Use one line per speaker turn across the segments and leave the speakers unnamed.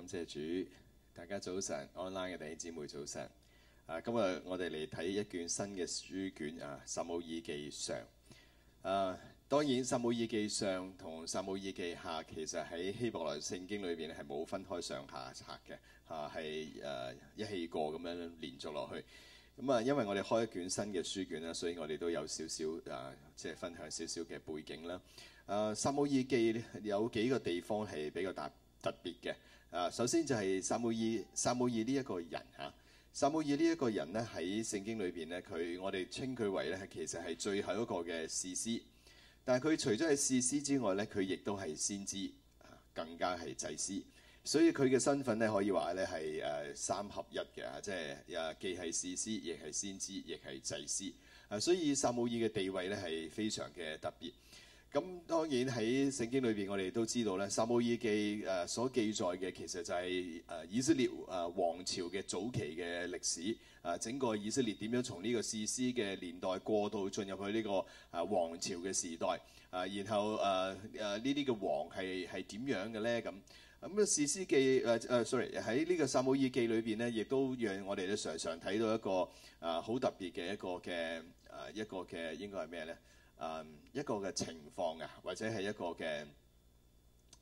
感謝主，大家早晨，online 嘅弟兄姊妹早晨。啊，今日我哋嚟睇一卷新嘅書卷啊，《撒母耳記上》啊，當然《撒母耳記上》同《撒母耳記下》，其實喺希伯來聖經裏邊係冇分開上下冊嘅嚇，係、啊、誒、啊、一氣過咁樣連續落去。咁啊，因為我哋開一卷新嘅書卷啦，所以我哋都有少少啊，即係分享少少嘅背景啦。啊，《撒母耳記》有幾個地方係比較大特別嘅。啊，首先就係撒母耳，撒母耳呢一個人嚇，撒母耳呢一個人咧喺聖經裏邊咧，佢我哋稱佢為咧，其實係最後一個嘅士師，但係佢除咗係士師之外咧，佢亦都係先知，啊，更加係祭司，所以佢嘅身份咧可以話咧係誒三合一嘅，即係既係士師，亦係先知，亦係祭司，啊，所以撒母耳嘅地位咧係非常嘅特別。咁當然喺聖經裏邊，我哋都知道咧，《撒母耳記》誒所記載嘅其實就係誒以色列誒王朝嘅早期嘅歷史，誒整個以色列點樣從呢個士師嘅年代過渡進入去呢個誒王朝嘅時代，誒然後誒誒呢啲嘅王係係點樣嘅咧？咁咁《士師記》誒誒，sorry，喺呢個《撒母耳記》裏邊咧，亦都讓我哋都常常睇到一個誒好特別嘅一個嘅誒一個嘅應該係咩咧？誒一個嘅情況啊，或者係一個嘅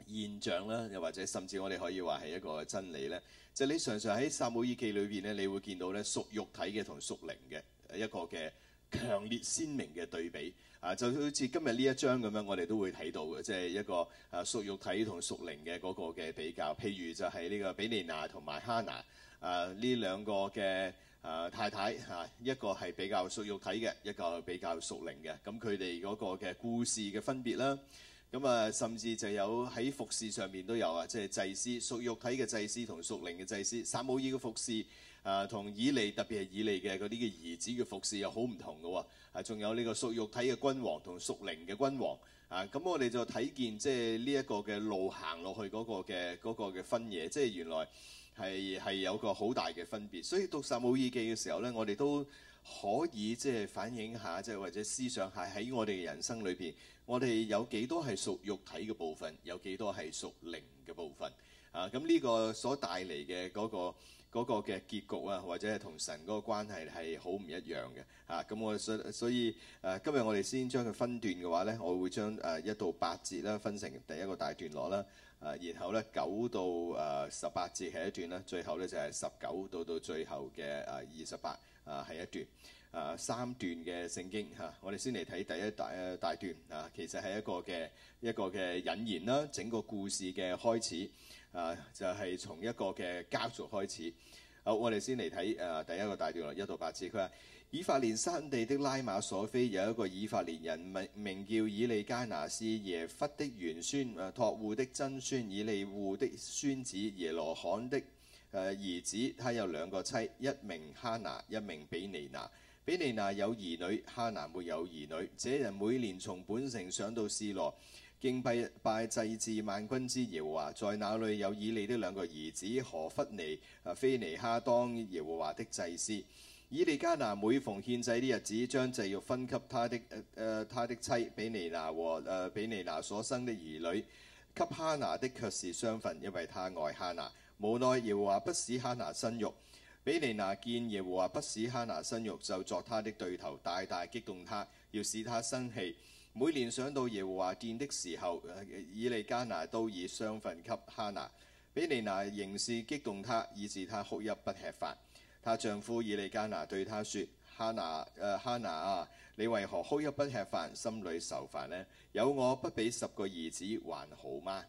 現象啦，又或者甚至我哋可以話係一個真理呢。就係你常常喺撒母耳記裏邊呢，你會見到呢屬肉體嘅同屬靈嘅一個嘅強烈鮮明嘅對比啊，就好似今日呢一章咁樣，我哋都會睇到嘅，即係一個誒屬肉體同屬靈嘅嗰個嘅比較。譬如就係呢個比尼拿同埋哈拿啊呢兩個嘅。誒太太嚇，一個係比較屬肉體嘅，一個比較屬靈嘅，咁佢哋嗰個嘅故事嘅分別啦。咁啊，甚至就有喺服侍上面都有啊，即係祭司屬肉體嘅祭司同屬靈嘅祭司。撒母耳嘅服侍誒同以利，特別係以利嘅嗰啲嘅兒子嘅服侍又好唔同㗎喎。啊，仲有呢個屬肉體嘅君王同屬靈嘅君王啊，咁我哋就睇見即係呢一個嘅路行落去嗰個嘅嗰個嘅分野，即係原來。係係有個好大嘅分別，所以讀撒母耳記嘅時候呢，我哋都可以即係反映下，即係或者思想下喺我哋嘅人生裏邊，我哋有幾多係屬肉體嘅部分，有幾多係屬靈嘅部分啊？咁呢個所帶嚟嘅嗰個嗰個嘅結局啊，或者係同神嗰個關係係好唔一樣嘅啊？咁我所所以誒、啊，今日我哋先將佢分段嘅話呢，我會將誒一到八節啦分成第一個大段落啦。誒，然後咧九到誒十八節係一段啦，最後咧就係十九到到最後嘅誒二十八，誒係一段，誒三段嘅聖經嚇。我哋先嚟睇第一大一大段啊，其實係一個嘅一個嘅引言啦，整個故事嘅開始啊，就係、是、從一個嘅家族開始。好，我哋先嚟睇誒第一個大段啦，一到八節，佢話。以法蓮山地的拉馬所菲有一個以法蓮人名名叫以利加拿斯耶弗的玄孫，託戶的曾孫以利戶的孫子耶羅罕的誒、啊、兒子，他有兩個妻，一名哈拿，一名比尼拿。比尼拿有兒女，哈拿沒有兒女。這人每年從本城上到示羅敬拜拜祭祀萬軍之耶和華，在那裏有以利的兩個兒子何弗尼、菲尼哈當耶和華,華的祭司。以利加拿每逢獻祭的日子，將祭肉分給他的誒、呃、他的妻比尼拿和誒、呃、比尼拿所生的兒女，給哈拿的卻是雙份，因為他愛哈拿。無奈耶和華不使哈拿生育。比尼拿見耶和華不使哈拿生育，就作他的對頭，大大激動他，要使他生氣。每年想到耶和華見的時候、呃，以利加拿都以雙份給哈拿。比尼拿仍是激動他，以致他哭泣不吃飯。她丈夫以利加拿對她說：哈拿，誒哈拿啊，你為何哭泣不吃飯，心裏受煩呢？有我不比十個兒子還好嗎？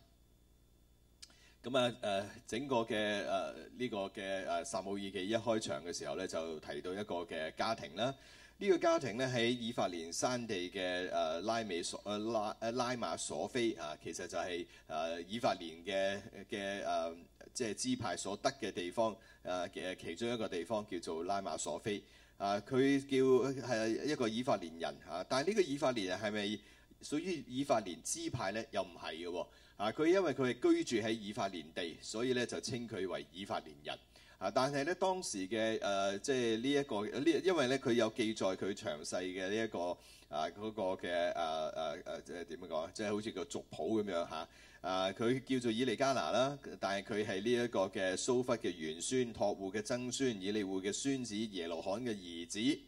咁啊，誒、uh, 整個嘅誒呢個嘅誒撒母耳記一開場嘅時候呢，就提到一個嘅家庭啦。呢、這個家庭呢，喺以法蓮山地嘅誒、uh, 拉美所誒、uh, 拉誒拉馬索菲，啊、uh, 其實就係、是、誒、uh, 以法蓮嘅嘅誒。Uh, 即係支派所得嘅地方，誒嘅其中一個地方叫做拉馬索菲，啊，佢叫係一個以法蓮人嚇、啊，但係呢個以法蓮人係咪屬於以法蓮支派呢？又唔係嘅喎，啊，佢因為佢係居住喺以法蓮地，所以呢就稱佢為以法蓮人，啊但係呢，當時嘅誒、呃、即係呢一個呢，因為呢佢有記載佢詳細嘅呢一個啊嗰、那個嘅誒誒誒即係點樣講，即係好似個族譜咁樣嚇。啊啊，佢叫做以利加拿啦，但係佢係呢一個嘅蘇弗嘅玄孫、托戶嘅曾孫、以利戶嘅孫子、耶羅罕嘅兒子。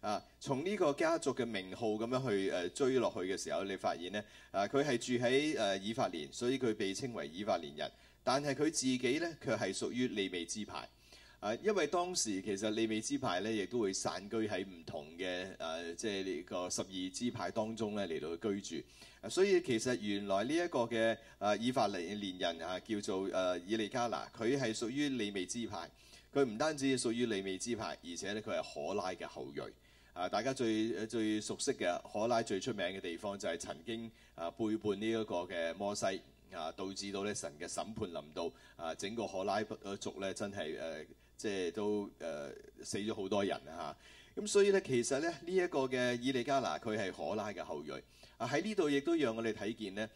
啊，從呢個家族嘅名號咁樣去誒追落去嘅時候，你發現呢，啊，佢係住喺誒以法蓮，所以佢被稱為以法蓮人。但係佢自己呢，卻係屬於利未支派。啊，因為當時其實利未支派呢亦都會散居喺唔同嘅誒、啊，即係呢個十二支派當中呢嚟到居住。所以其實原來呢一個嘅啊以法蓮人啊叫做誒以利加拿，佢係屬於利未支派。佢唔單止屬於利未支派，而且呢，佢係可拉嘅後裔。啊，大家最最熟悉嘅可拉最出名嘅地方就係曾經啊背叛呢一個嘅摩西啊，導致到咧神嘅審判臨到啊，整個可拉族咧真係誒、呃、即係都誒、呃、死咗好多人啊！咁所以呢，其實咧呢一個嘅以利加拿佢係可拉嘅後裔。喺呢度亦都讓我哋睇見呢，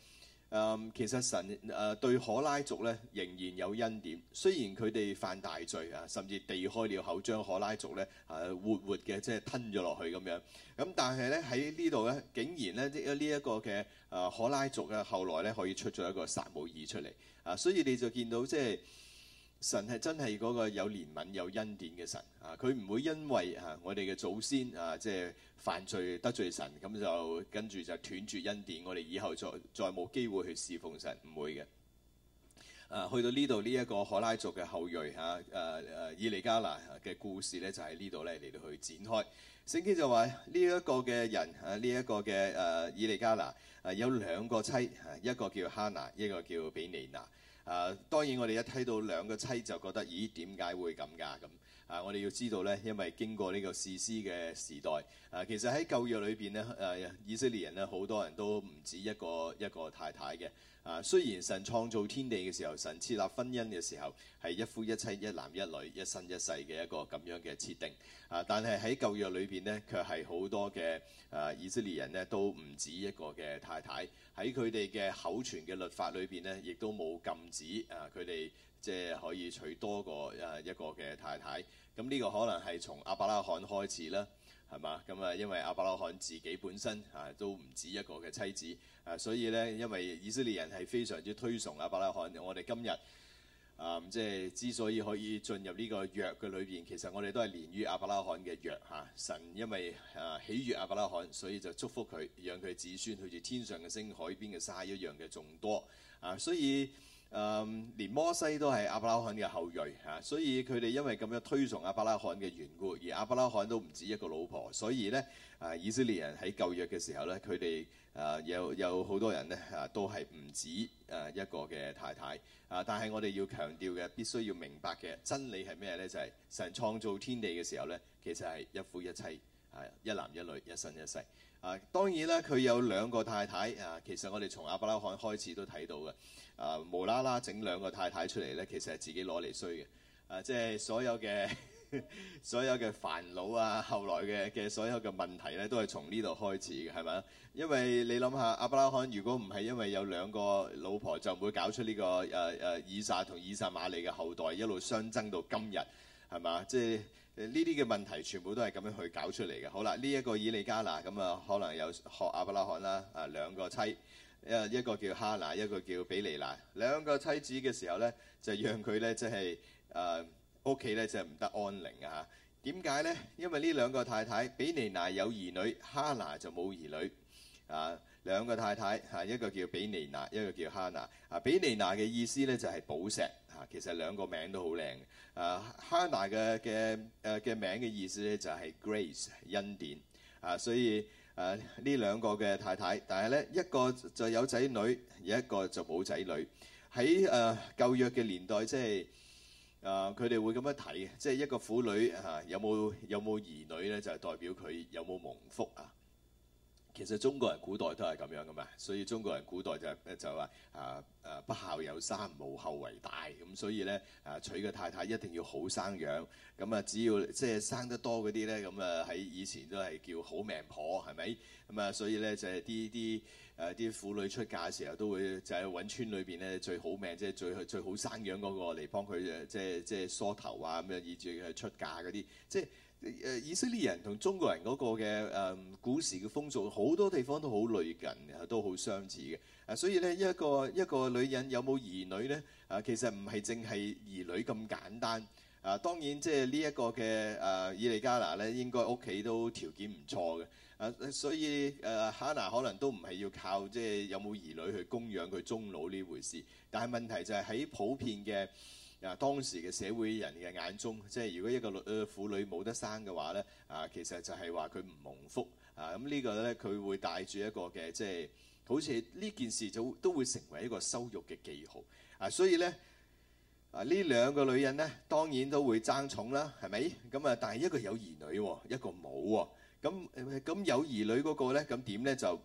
誒其實神誒對可拉族咧仍然有恩典，雖然佢哋犯大罪啊，甚至地開了口將可拉族咧誒活活嘅即係吞咗落去咁樣，咁但係咧喺呢度咧竟然咧呢呢一個嘅誒可拉族嘅後來咧可以出咗一個撒母耳出嚟，啊所以你就見到即係。神係真係嗰個有憐憫有恩典嘅神啊！佢唔會因為啊我哋嘅祖先啊即係犯罪得罪神，咁就跟住就斷絕恩典，我哋以後再再冇機會去侍奉神，唔會嘅。啊，去到呢度呢一個可拉族嘅後裔嚇，誒、啊、誒、啊、以利加拿嘅故事呢就喺呢度咧嚟到去展開。聖經就話呢一個嘅人啊，呢、這、一個嘅誒、啊、以利加拿啊，有兩個妻，一個叫哈拿，一個叫，一個叫比尼拿，拿。啊，當然我哋一睇到兩個妻就覺得，咦，點解會咁㗎咁？啊，我哋要知道呢，因為經過呢個士師嘅時代，啊，其實喺舊約裏邊呢，誒、啊、以色列人呢，好多人都唔止一個一個太太嘅。啊，雖然神創造天地嘅時候，神設立婚姻嘅時候係一夫一妻、一男一女、一生一世嘅一個咁樣嘅設定啊，但係喺舊約裏邊呢，卻係好多嘅啊以色列人呢都唔止一個嘅太太，喺佢哋嘅口傳嘅律法裏邊呢亦都冇禁止啊，佢哋即係可以娶多個啊一個嘅太太。咁呢個可能係從亞伯拉罕開始啦。係嘛？咁啊，因為亞伯拉罕自己本身啊都唔止一個嘅妻子啊，所以呢，因為以色列人係非常之推崇亞伯拉罕，我哋今日啊，即係之所以可以進入呢個約嘅裏邊，其實我哋都係連於亞伯拉罕嘅約嚇。神因為啊喜悅亞伯拉罕，所以就祝福佢，讓佢子孫好似天上嘅星、海邊嘅沙一樣嘅眾多啊，所以。誒、嗯，連摩西都係亞伯拉罕嘅後裔嚇、啊，所以佢哋因為咁樣推崇亞伯拉罕嘅緣故，而亞伯拉罕都唔止一個老婆，所以呢，誒、啊，以色列人喺舊約嘅時候呢，佢哋誒有有好多人呢嚇、啊、都係唔止誒一個嘅太太啊。但係我哋要強調嘅，必須要明白嘅真理係咩呢？就係、是、神創造天地嘅時候呢，其實係一夫一妻係一男一女一生一世啊。當然啦，佢有兩個太太啊。其實我哋從亞伯拉罕開始都睇到嘅。啊，無啦啦整兩個太太出嚟呢，其實係自己攞嚟衰嘅。即係所有嘅 所有嘅煩惱啊，後來嘅嘅所有嘅問題呢，都係從呢度開始嘅，係咪？因為你諗下，亞伯拉罕如果唔係因為有兩個老婆，就唔會搞出呢、這個誒誒、啊啊、以撒同以撒瑪利嘅後代一路相爭到今日，係咪？即係呢啲嘅問題全部都係咁樣去搞出嚟嘅。好啦，呢、這、一個以利加拿咁啊，可能有學亞伯拉罕啦，啊，兩個妻。一個叫哈娜，一個叫比尼娜，兩個妻子嘅時候呢，就讓佢呢、就是，即係誒屋企呢，就唔得安寧啊！點解呢？因為呢兩個太太，比尼娜有兒女，哈娜就冇兒女啊。兩個太太嚇、啊，一個叫比尼娜，一個叫哈娜啊。比尼娜嘅意思呢，就係寶石啊，其實兩個名都好靚啊。哈娜嘅嘅誒嘅名嘅意思呢，就係 Grace 恩典啊，所以。誒呢兩個嘅太太，但係呢一個就有仔女，有一個就冇仔女。喺誒舊約嘅年代，即係誒佢哋會咁樣睇嘅，即係一個婦女嚇、啊、有冇有冇兒女呢？就係、是、代表佢有冇蒙福啊。其實中國人古代都係咁樣噶嘛，所以中國人古代就就話啊啊不孝有三，無後為大，咁、嗯、所以呢，啊娶嘅太太一定要好生養，咁、嗯、啊只要即係生得多嗰啲呢，咁啊喺以前都係叫好命婆係咪？咁啊、嗯、所以呢，就係啲啲誒啲婦女出嫁嘅時候都會就係揾村裏邊呢最好命即係最最好生養嗰、嗰個嚟幫佢即係即係梳頭啊咁樣，以至去出嫁嗰啲，即係。誒以色列人同中國人嗰個嘅誒古時嘅風俗，好多地方都好類近，都好相似嘅。啊，所以呢一個一個女人有冇兒女呢？啊，其實唔係淨係兒女咁簡單。啊，當然即係呢一個嘅誒，以、啊、利加拿咧，應該屋企都條件唔錯嘅。啊，所以誒，哈、啊、娜可能都唔係要靠即係有冇兒女去供養佢終老呢回事。但係問題就係喺普遍嘅。啊！當時嘅社會人嘅眼中，即係如果一個女婦女冇得生嘅話呢，啊，其實就係話佢唔蒙福啊。咁、這、呢個呢，佢會帶住一個嘅，即係好似呢件事就會都會成為一個羞辱嘅記號啊。所以呢，啊，呢兩個女人呢，當然都會爭寵啦，係咪咁啊？但係一個有兒女、哦，一個冇喎、哦。咁咁有兒女嗰個咧，咁點呢？就？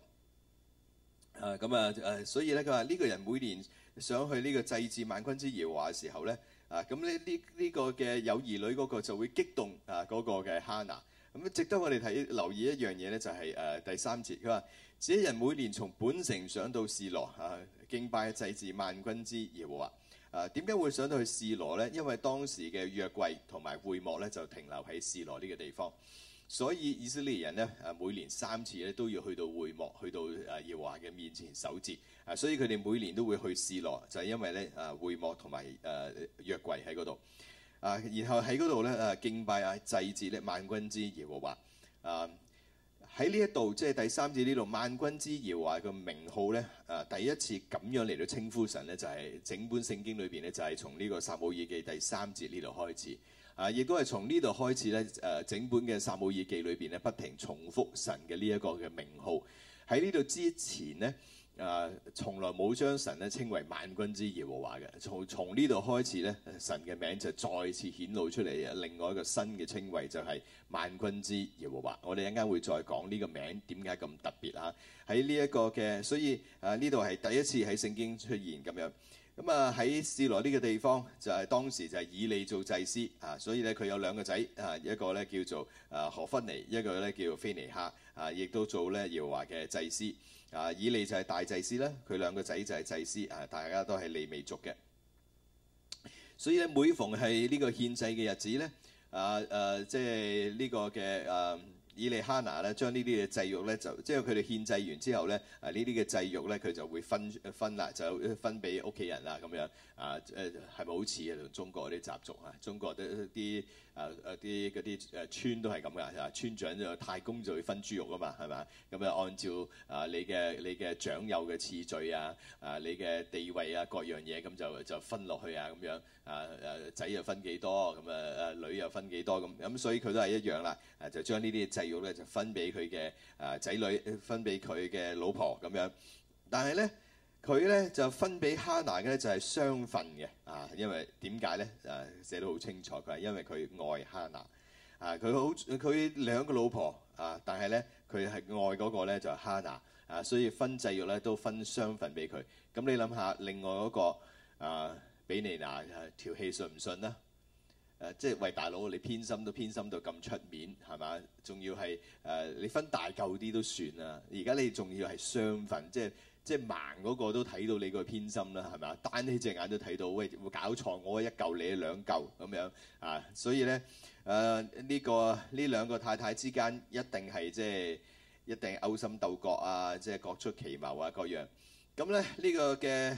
啊，咁啊，誒，所以咧，佢話呢個人每年想去呢個祭祀萬軍之耶和華嘅時候咧，啊，咁呢呢呢個嘅、這個、友兒女嗰個就會激動 ana, 啊，嗰個嘅哈拿，咁值得我哋睇留意一樣嘢咧、就是，就係誒第三節，佢話自己人每年從本城上到示羅啊，敬拜祭祀萬軍之耶和華，啊，點解會上到去示羅咧？因為當時嘅約櫃同埋會幕咧就停留喺示羅呢個地方。所以以色列人呢，誒每年三次咧都要去到會幕，去到誒耶和華嘅面前守節。誒所以佢哋每年都會去示羅，就係、是、因為咧誒會幕同埋誒約櫃喺嗰度。誒、啊、然後喺嗰度咧誒敬拜啊祭祀咧萬軍之耶和華。誒喺呢一度即係第三節呢度，萬軍之耶和華嘅名號咧誒、啊、第一次咁樣嚟到稱呼神咧，就係、是、整本聖經裏邊咧就係、是、從呢個撒母耳記第三節呢度開始。啊！亦都係從呢度開始咧，誒、呃、整本嘅撒母耳記裏邊咧，不停重複神嘅呢一個嘅名號。喺呢度之前咧，啊、呃，從來冇將神咧稱為萬軍之耶和華嘅。從從呢度開始咧，神嘅名就再次顯露出嚟，另外一個新嘅稱謂就係萬軍之耶和華。我哋一陣間會再講呢個名點解咁特別啊！喺呢一個嘅，所以啊，呢度係第一次喺聖經出現咁樣。咁啊喺士羅呢個地方就係、是、當時就係以利做祭司啊，所以咧佢有兩個仔啊，一個咧叫做啊何芬尼，一個咧叫菲尼哈啊，亦都做咧耀華嘅祭司啊。以利就係大祭司咧，佢、啊、兩個仔就係祭司啊，大家都係利未族嘅。所以咧每逢係呢個獻祭嘅日子咧啊誒，即係呢個嘅誒。啊。以利哈拿咧，將呢啲嘅祭肉咧，就即係佢哋獻祭完之後咧，啊呢啲嘅祭肉咧，佢就會分分啦，就分俾屋企人啦，咁樣啊誒係咪好似啊，同中國嗰啲習俗啊，中國啲啲。誒誒啲啲誒村都係咁㗎，啊村長就太公就會分豬肉啊嘛，係咪？咁、嗯、誒？按照啊你嘅你嘅長幼嘅次序啊，啊你嘅地位啊各樣嘢咁、嗯、就就分落去啊咁樣啊誒仔、啊啊啊、又分幾多咁誒誒女又分幾多咁咁，所以佢都係一樣啦。誒、啊、就將呢啲祭肉咧就分俾佢嘅啊仔、啊、女，分俾佢嘅老婆咁樣，但係咧。佢咧就分俾哈拿嘅咧就係雙份嘅，啊，因為點解咧？誒、啊、寫得好清楚，佢係因為佢愛哈拿。啊，佢好佢兩個老婆，啊，但係咧佢係愛嗰個咧就係哈拿。啊，所以分祭肉咧都分雙份俾佢。咁你諗下，另外嗰、那個啊比尼拿啊調戲信唔信啦？誒、啊，即係為大佬你偏心都偏心到咁出面，係嘛？仲要係誒、啊、你分大嚿啲都算啦，而家你仲要係雙份，即係。即係盲嗰個都睇到你個偏心啦，係咪？單起隻眼都睇到，喂，會搞錯，我一嚿你兩嚿咁樣啊！所以咧，誒呢個呢兩個太太之間一定係即係一定勾心鬥角啊，即係各出奇謀啊，各樣。咁咧呢個嘅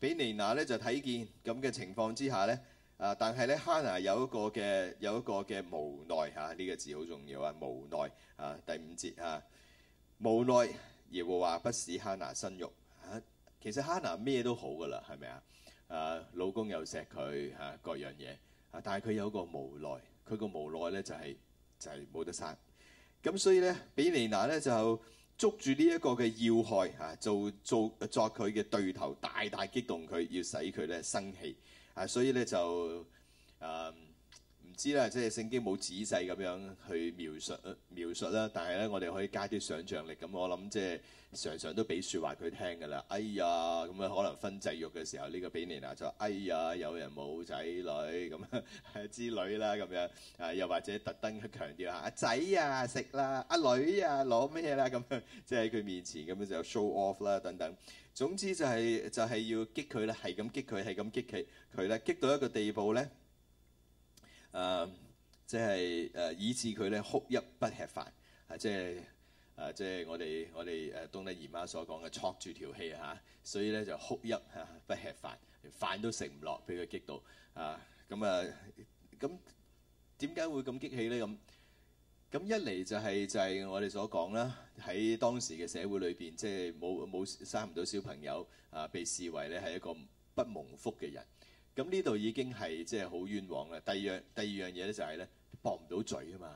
比尼娜咧就睇見咁嘅情況之下咧啊，但係咧哈娜有一個嘅有一個嘅無奈嚇，呢個字好重要啊，無奈啊，第五節啊，無奈。耶和華不使哈拿生育嚇、啊，其實哈拿咩都好噶啦，係咪啊？啊，老公又錫佢嚇，各樣嘢啊，但係佢有個無奈，佢個無奈咧就係、是、就係、是、冇得生。咁、啊、所以咧，比尼娜咧就捉住呢一個嘅要害嚇、啊，做做作佢嘅對頭，大大激動佢，要使佢咧生氣啊，所以咧就啊。知啦，即係聖經冇仔細咁樣去描述描述啦，但係咧，我哋可以加啲想像力咁。我諗即係常常都俾説話佢聽㗎啦。哎呀咁啊，可能分祭肉嘅時候呢個俾你啦，就哎呀有人冇仔女咁之類啦咁樣啊，又或者特登強調下阿仔啊食啦，阿女啊攞咩啦咁，即係喺佢面前咁樣就 show off 啦等等。總之就係就係要激佢咧，係咁激佢，係咁激佢佢咧，激到一個地步咧。誒，即係誒，以致佢咧哭泣不吃飯，啊，即係啊，即係我哋我哋誒東德姨媽所講嘅戳住條氣嚇，所以咧就哭泣嚇，不吃飯，飯都食唔落，俾佢激到啊，咁啊，咁點解會咁激氣咧？咁咁一嚟就係就係我哋所講啦，喺當時嘅社會裏邊，即係冇冇生唔到小朋友啊，被視為咧係一個不蒙福嘅人。咁呢度已經係即係好冤枉啦。第二樣第二樣嘢咧就係、是、咧，駁唔到嘴啊嘛，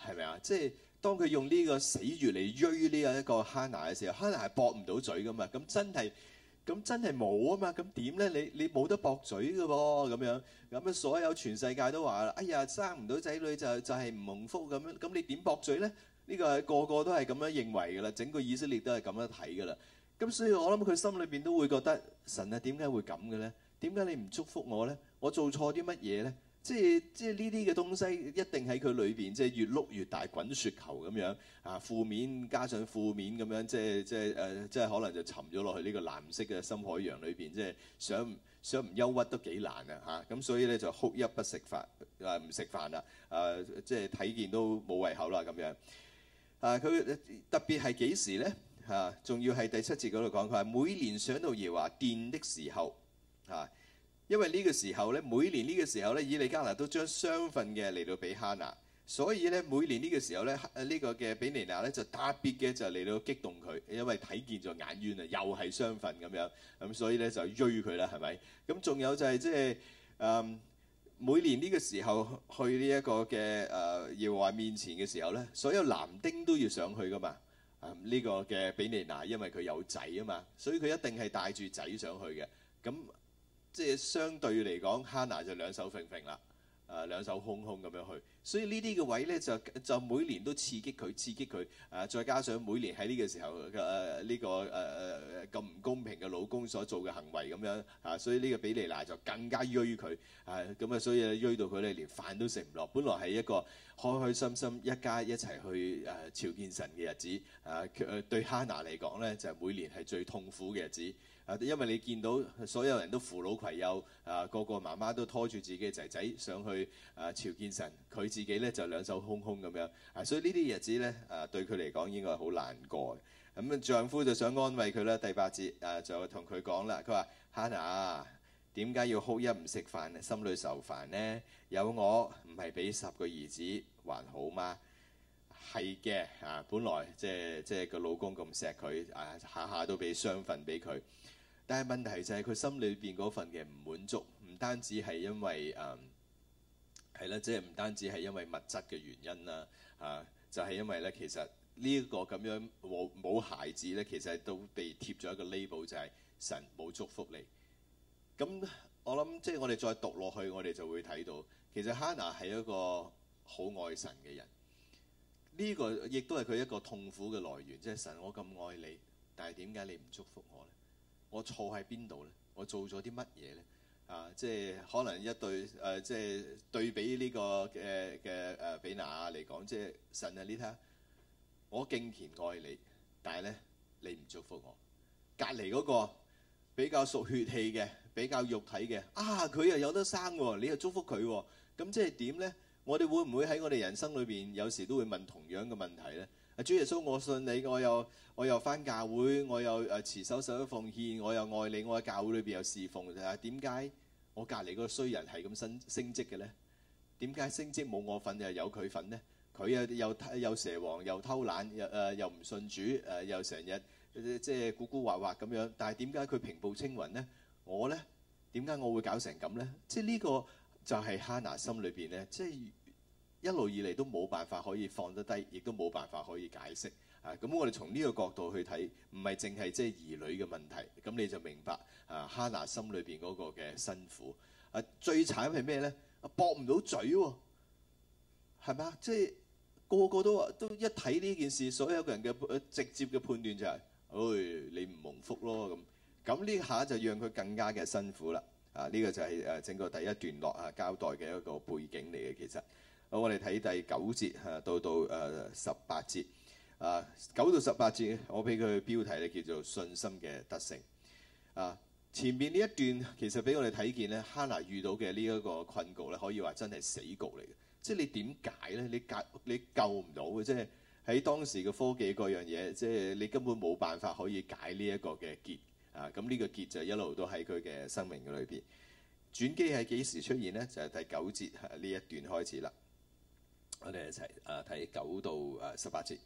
係咪啊？即係當佢用呢個死穴嚟鋭呢一個哈拿嘅時候，哈拿係駁唔到嘴噶嘛。咁真係咁真係冇啊嘛。咁點咧？你你冇得駁嘴噶噃咁樣。咁啊所有全世界都話哎呀生唔到仔女就就係唔蒙福咁樣。咁你點駁嘴咧？呢、這個係個個都係咁樣認為噶啦。整個以色列都係咁樣睇噶啦。咁所以我諗佢心裏邊都會覺得神啊點解會咁嘅咧？點解你唔祝福我咧？我做錯啲乜嘢咧？即係即係呢啲嘅東西，一定喺佢裏邊，即係越碌越大，滾雪球咁樣啊！負面加上負面咁樣，即係即係誒，即係可能就沉咗落去呢個藍色嘅深海洋裏邊，即係想想唔憂鬱都幾難啊！嚇咁，所以咧就哭泣不食飯啊，唔食飯啦啊，即係睇見都冇胃口啦咁樣啊。佢特別係幾時咧嚇？仲要係第七節嗰度講，佢話每年上到耶和華殿的時候。啊！因為呢個時候咧，每年呢個時候咧，以利加拿都將雙份嘅嚟到俾哈拿，所以咧每年呢個時候咧，呢個嘅比尼拿咧就特別嘅就嚟到激動佢，因為睇見咗眼冤啊，又係雙份咁樣，咁所以咧就追佢啦，係咪？咁仲有就係即係誒每年呢個時候去呢一個嘅誒耶和華面前嘅時候咧，所有男丁都要上去噶嘛？啊呢個嘅比尼拿，因為佢有仔啊嘛，所以佢一定係帶住仔上去嘅，咁。即係相對嚟講，哈娜就兩手揈揈啦，誒、啊、兩手空空咁樣去，所以呢啲嘅位呢，就就每年都刺激佢，刺激佢，誒、啊、再加上每年喺呢個時候嘅呢、啊呢個誒誒咁唔公平嘅老公所做嘅行為咁樣，啊所以呢個比利娜就更加鋥佢，啊咁啊所以咧鋥到佢咧連飯都食唔落，本來係一個開開心心一家一齊去誒朝見神嘅日子，啊對哈娜嚟講呢，就係、每年係最痛苦嘅日子。啊，因為你見到所有人都扶老攜幼，啊個個媽媽都拖住自己仔仔上去啊朝見神，佢自己咧就兩手空空咁樣。啊，所以呢啲日子咧，啊對佢嚟講應該係好難過。咁啊，丈夫就想安慰佢啦。第八節啊，就同佢講啦。佢話：Hannah，點解要哭泣唔食飯，心裏愁煩呢？有我唔係比十個兒子還好嗎？係嘅，啊，本來即係即係個老公咁錫佢，啊下下都俾雙份俾佢。但係問題就係佢心裏邊嗰份嘅唔滿足，唔單止係因為誒係啦，即係唔單止係因為物質嘅原因啦，嚇、啊、就係、是、因為咧，其實呢一個咁樣冇冇孩子咧，其實都被貼咗一個 label 就係神冇祝福你。咁我諗即係我哋再讀落去，我哋就會睇到其實 Hannah 係一個好愛神嘅人。呢、這個亦都係佢一個痛苦嘅來源，即、就、係、是、神，我咁愛你，但係點解你唔祝福我咧？我錯喺邊度咧？我做咗啲乜嘢咧？啊，即係可能一對誒、呃，即係對比呢、呢個嘅嘅誒比娜嚟講，即係神啊！呢睇我敬虔愛你，但係咧你唔祝福我。隔籬嗰個比較屬血氣嘅、比較肉體嘅，啊佢又有得生喎，你又祝福佢喎、哦，咁即係點咧？我哋會唔會喺我哋人生裏邊有時都會問同樣嘅問題咧？阿主耶穌，我信你，我又我又返教會，我又誒持守咗奉獻，我又愛你，我喺教會裏邊又侍奉。誒點解我隔離嗰個衰人係咁升升職嘅咧？點解升職冇我份又係有佢份咧？佢又又又蛇王又偷懶，誒又唔信主，誒又成日即係古古惑惑咁樣。但係點解佢平步青雲咧？我咧點解我會搞成咁咧？即係呢個就係哈拿心裏邊咧，即係。一路以嚟都冇辦法可以放得低，亦都冇辦法可以解釋啊！咁我哋從呢個角度去睇，唔係淨係即係兒女嘅問題。咁你就明白啊，哈拿心裏邊嗰個嘅辛苦啊，最慘係咩呢？駁唔到嘴喎，係咪啊？即係個個都話都一睇呢件事，所有嘅人嘅直接嘅判斷就係：哎，你唔蒙福咯咁。咁呢下就讓佢更加嘅辛苦啦。啊，呢個就係誒整個第一段落啊交代嘅一個背景嚟嘅，其實。好、啊，我哋睇第九節啊，到到誒、呃、十八節啊，九到十八節，我俾佢標題咧，叫做信心嘅特性。啊。前面呢一段其實俾我哋睇見咧，哈拿遇到嘅呢一個困局咧，可以話真係死局嚟嘅，即係你點解咧？你解你救唔到嘅，即係喺當時嘅科技各樣嘢，即係你根本冇辦法可以解呢一個嘅結啊。咁呢個結就一路都喺佢嘅生命嘅裏邊。轉機係幾時出現咧？就係、是、第九節呢、啊、一段開始啦。我哋一齊誒睇九到誒、啊、十八節。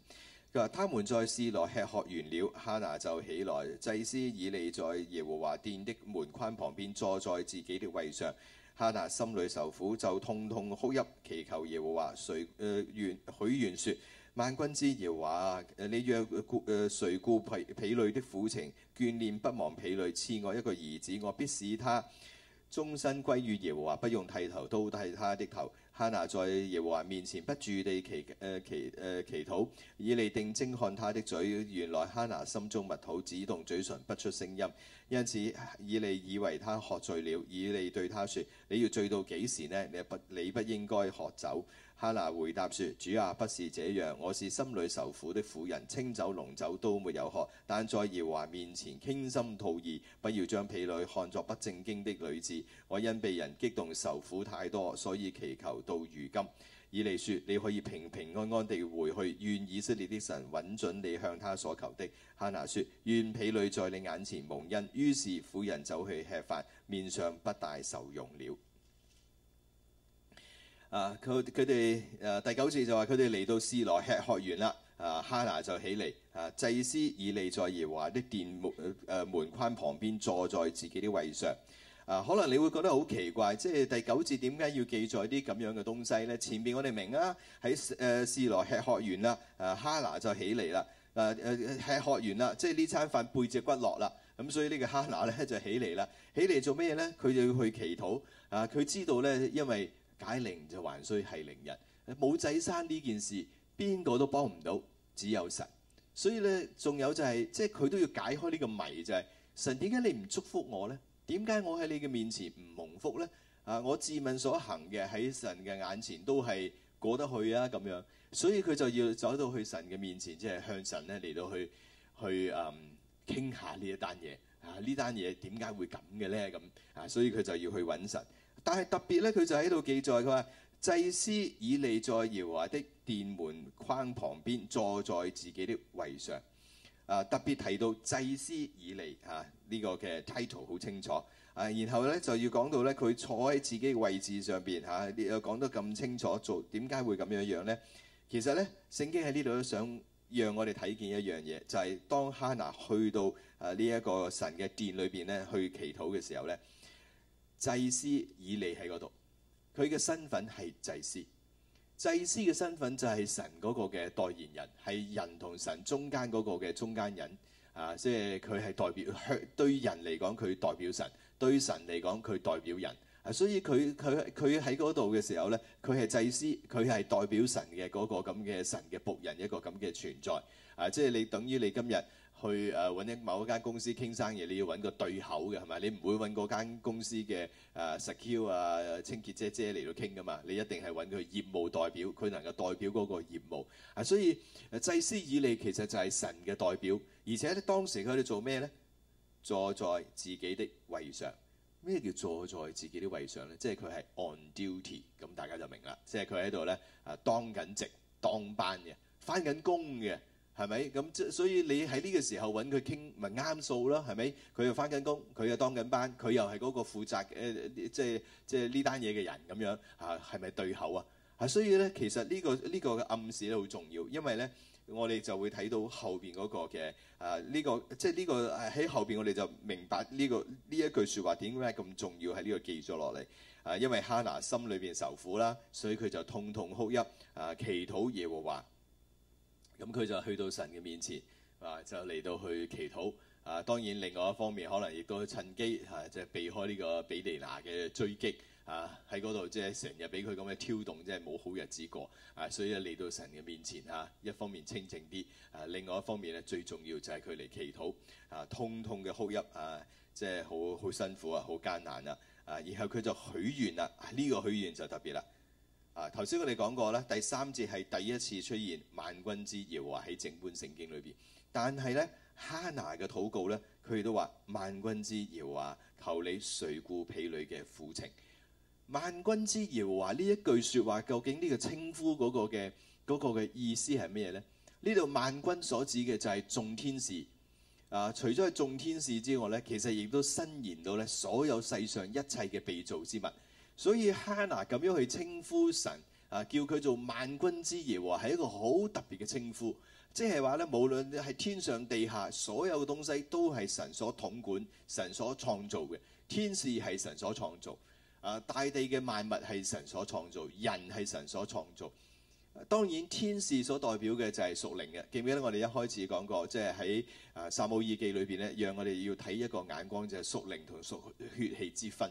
佢話：他們在室內吃喝完了，哈拿就起來，祭司以利在耶和華殿的門框旁邊坐在自己的位上。哈拿心裏受苦，就痛痛哭泣，祈求耶和華，誰誒願、呃、許願説：萬軍之耶和華，你若顧誒垂、呃、顧婢婢女的苦情，眷念不忘婢女，賜我一個兒子，我必使他終身歸於耶和華，不用剃頭刀剃他的頭。哈拿在耶和華面前不住地祈誒、呃、祈誒禱、呃，以利定睛看他的嘴，原來哈拿心中默禱，只動嘴唇不出聲音，因此以利以為他喝醉了，以利對他説：你要醉到幾時呢？你不你不應該喝酒。哈拿回答說：主啊，不是這樣，我是心裏受苦的婦人，清酒濃酒都沒有喝，但在耶和華面前傾心吐意。不要將婢女看作不正經的女子。我因被人激動受苦太多，所以祈求到如今。以利說：你可以平平安安地回去，願以色列的神允准你向他所求的。哈拿說：願婢女在你眼前蒙恩。於是婦人走去吃飯，面上不大受容了。啊！佢佢哋誒，第九節就話佢哋嚟到示羅吃喝完啦。啊，哈拿就起嚟。啊，祭司以利在耶和華啲殿門誒、啊、門框旁邊，坐在自己啲位上。啊，可能你會覺得好奇怪，即係第九節點解要記載啲咁樣嘅東西咧？前邊我哋明啦，喺誒、啊、示羅吃喝完啦。啊，哈拿就起嚟啦。誒、啊、誒、啊、吃喝完啦，即係呢餐飯背脊骨落啦。咁、啊、所以呢個哈拿咧就起嚟啦。起嚟做咩咧？佢哋要去祈禱。啊，佢知道咧，因為解鈴就還須繫鈴人，冇仔生呢件事，邊個都幫唔到，只有神。所以咧，仲有就係，即係佢都要解開呢個謎，就係神點解你唔祝福我呢？點解我喺你嘅面前唔蒙福呢？啊，我自問所行嘅喺神嘅眼前都係過得去啊咁樣，所以佢就要走到去神嘅面前，即係向神咧嚟到去去，去嗯傾下呢一單嘢啊，呢單嘢點解會咁嘅呢？咁啊，所以佢就要去揾神。但係特別咧，佢就喺度記載，佢話祭司以利在耶和華的殿門框旁邊坐在自己的位上。啊，特別提到祭司以利嚇呢、啊這個嘅 title 好清楚。啊，然後咧就要講到咧佢坐喺自己嘅位置上邊嚇，又、啊啊、講得咁清楚，做點解會咁樣樣呢？其實咧，聖經喺呢度都想讓我哋睇見一樣嘢，就係、是、當哈拿去到啊呢一個神嘅殿裏邊咧去祈禱嘅時候咧。祭司以利喺嗰度，佢嘅身份係祭司。祭司嘅身份就係神嗰個嘅代言人，係人同神中間嗰個嘅中間人啊！即係佢係代表，對人嚟講，佢代表神，對神嚟講，佢代表人啊！所以佢佢佢喺嗰度嘅時候咧，佢係祭司，佢係代表神嘅嗰個咁嘅神嘅僕人一個咁嘅存在啊！即係你等於你今日。去誒揾、啊、一某一間公司傾生意，你要揾個對口嘅係咪？你唔會揾嗰間公司嘅誒 Secure 啊、清潔姐姐嚟到傾噶嘛？你一定係揾佢業務代表，佢能夠代表嗰個業務。啊，所以、啊、祭司以利其實就係神嘅代表，而且咧當時佢喺度做咩呢？坐在自己的位上，咩叫坐在自己的位上呢？即係佢係 on duty，咁、嗯、大家就明啦。即係佢喺度咧，啊，當緊職、當班嘅、翻緊工嘅。係咪咁？即所以你喺呢個時候揾佢傾，咪啱數咯？係咪？佢又翻緊工，佢又當緊班，佢又係嗰個負責誒、呃，即係即係呢單嘢嘅人咁樣啊？係咪對口啊？啊，所以咧，其實呢個呢個嘅暗示咧好重要，因為咧我哋就會睇到後邊嗰個嘅啊呢個即係呢個喺後邊我哋就明白呢個呢一句説話點解咁重要喺呢個記咗落嚟啊，因為哈拿心裏邊受苦啦，所以佢就痛痛哭泣啊，祈禱耶和華。咁佢就去到神嘅面前，啊，就嚟到去祈禱。啊，當然另外一方面可能亦都趁機嚇，即、啊、係、就是、避開呢個比尼拿嘅追擊。啊，喺嗰度即係成日俾佢咁嘅挑動，即係冇好日子過。啊，所以咧嚟到神嘅面前嚇、啊，一方面清靜啲。啊，另外一方面咧最重要就係佢嚟祈禱。啊，痛痛嘅哭泣。啊，即係好好辛苦啊，好艱難啊。啊，然後佢就許願啦。呢、啊這個許願就特別啦。啊！頭先我哋講過咧，第三節係第一次出現萬軍之耶和華喺整本聖經裏邊，但係咧，哈拿嘅禱告咧，佢都話萬軍之耶和華，求你垂顧婢女嘅苦情。萬軍之耶和華呢一句説話，究竟呢個稱呼嗰個嘅嗰個嘅意思係咩咧？呢度萬軍所指嘅就係眾天使。啊！除咗係眾天使之外咧，其實亦都伸延到咧，所有世上一切嘅被造之物。所以 Hannah 咁樣去稱呼神啊，叫佢做萬軍之耶和華，係一個好特別嘅稱呼。即係話咧，無論係天上地下，所有嘅東西都係神所統管、神所創造嘅。天使係神所創造，啊，大地嘅萬物係神所創造，人係神所創造。啊、當然，天使所代表嘅就係屬靈嘅。記唔記得我哋一開始講過，即係喺《啊撒母耳記》裏邊咧，讓我哋要睇一個眼光，就係、是、屬靈同屬血氣之分。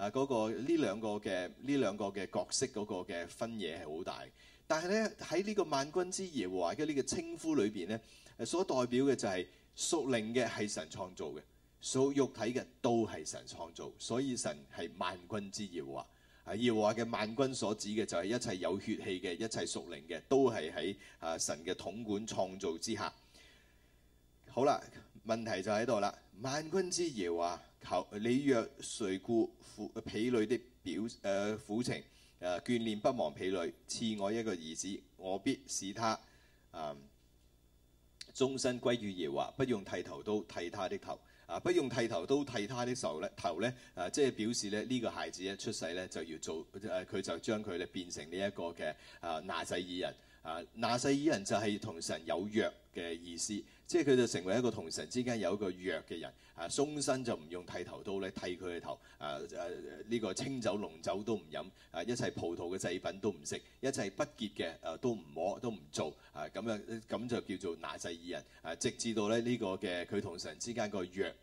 啊，嗰呢兩個嘅呢兩個嘅角色嗰個嘅分野係好大，但係咧喺呢個萬軍之耶和華嘅呢個稱呼裏邊咧，誒所代表嘅就係屬靈嘅係神創造嘅，屬肉體嘅都係神創造，所以神係萬軍之耶和華。啊耶和華嘅萬軍所指嘅就係一切有血氣嘅，一切屬靈嘅都係喺啊神嘅統管創造之下。好啦。問題就喺度啦！萬軍之耶和華啊，求你若垂顧婦婢女的表誒苦情誒，眷念不忘婢女，賜我一個兒子，我必使他啊終身歸於耶和華，不用剃頭刀剃他的頭啊，不用剃頭刀剃他的頭咧頭咧誒，即係表示咧呢個孩子一出世咧就要做誒，佢、啊、就將佢咧變成呢一個嘅啊拿細耳人，啊拿細耳人就係同神有約嘅意思。即係佢就成為一個同神之間有一個約嘅人，啊，終身就唔用剃頭刀咧剃佢嘅頭，啊，誒、啊、呢、這個清酒濃酒都唔飲，啊，一切葡萄嘅製品都唔食，一切不潔嘅啊都唔摸都唔做，啊咁樣咁就叫做拿細耳人，啊直至到咧呢個嘅佢同神之間個約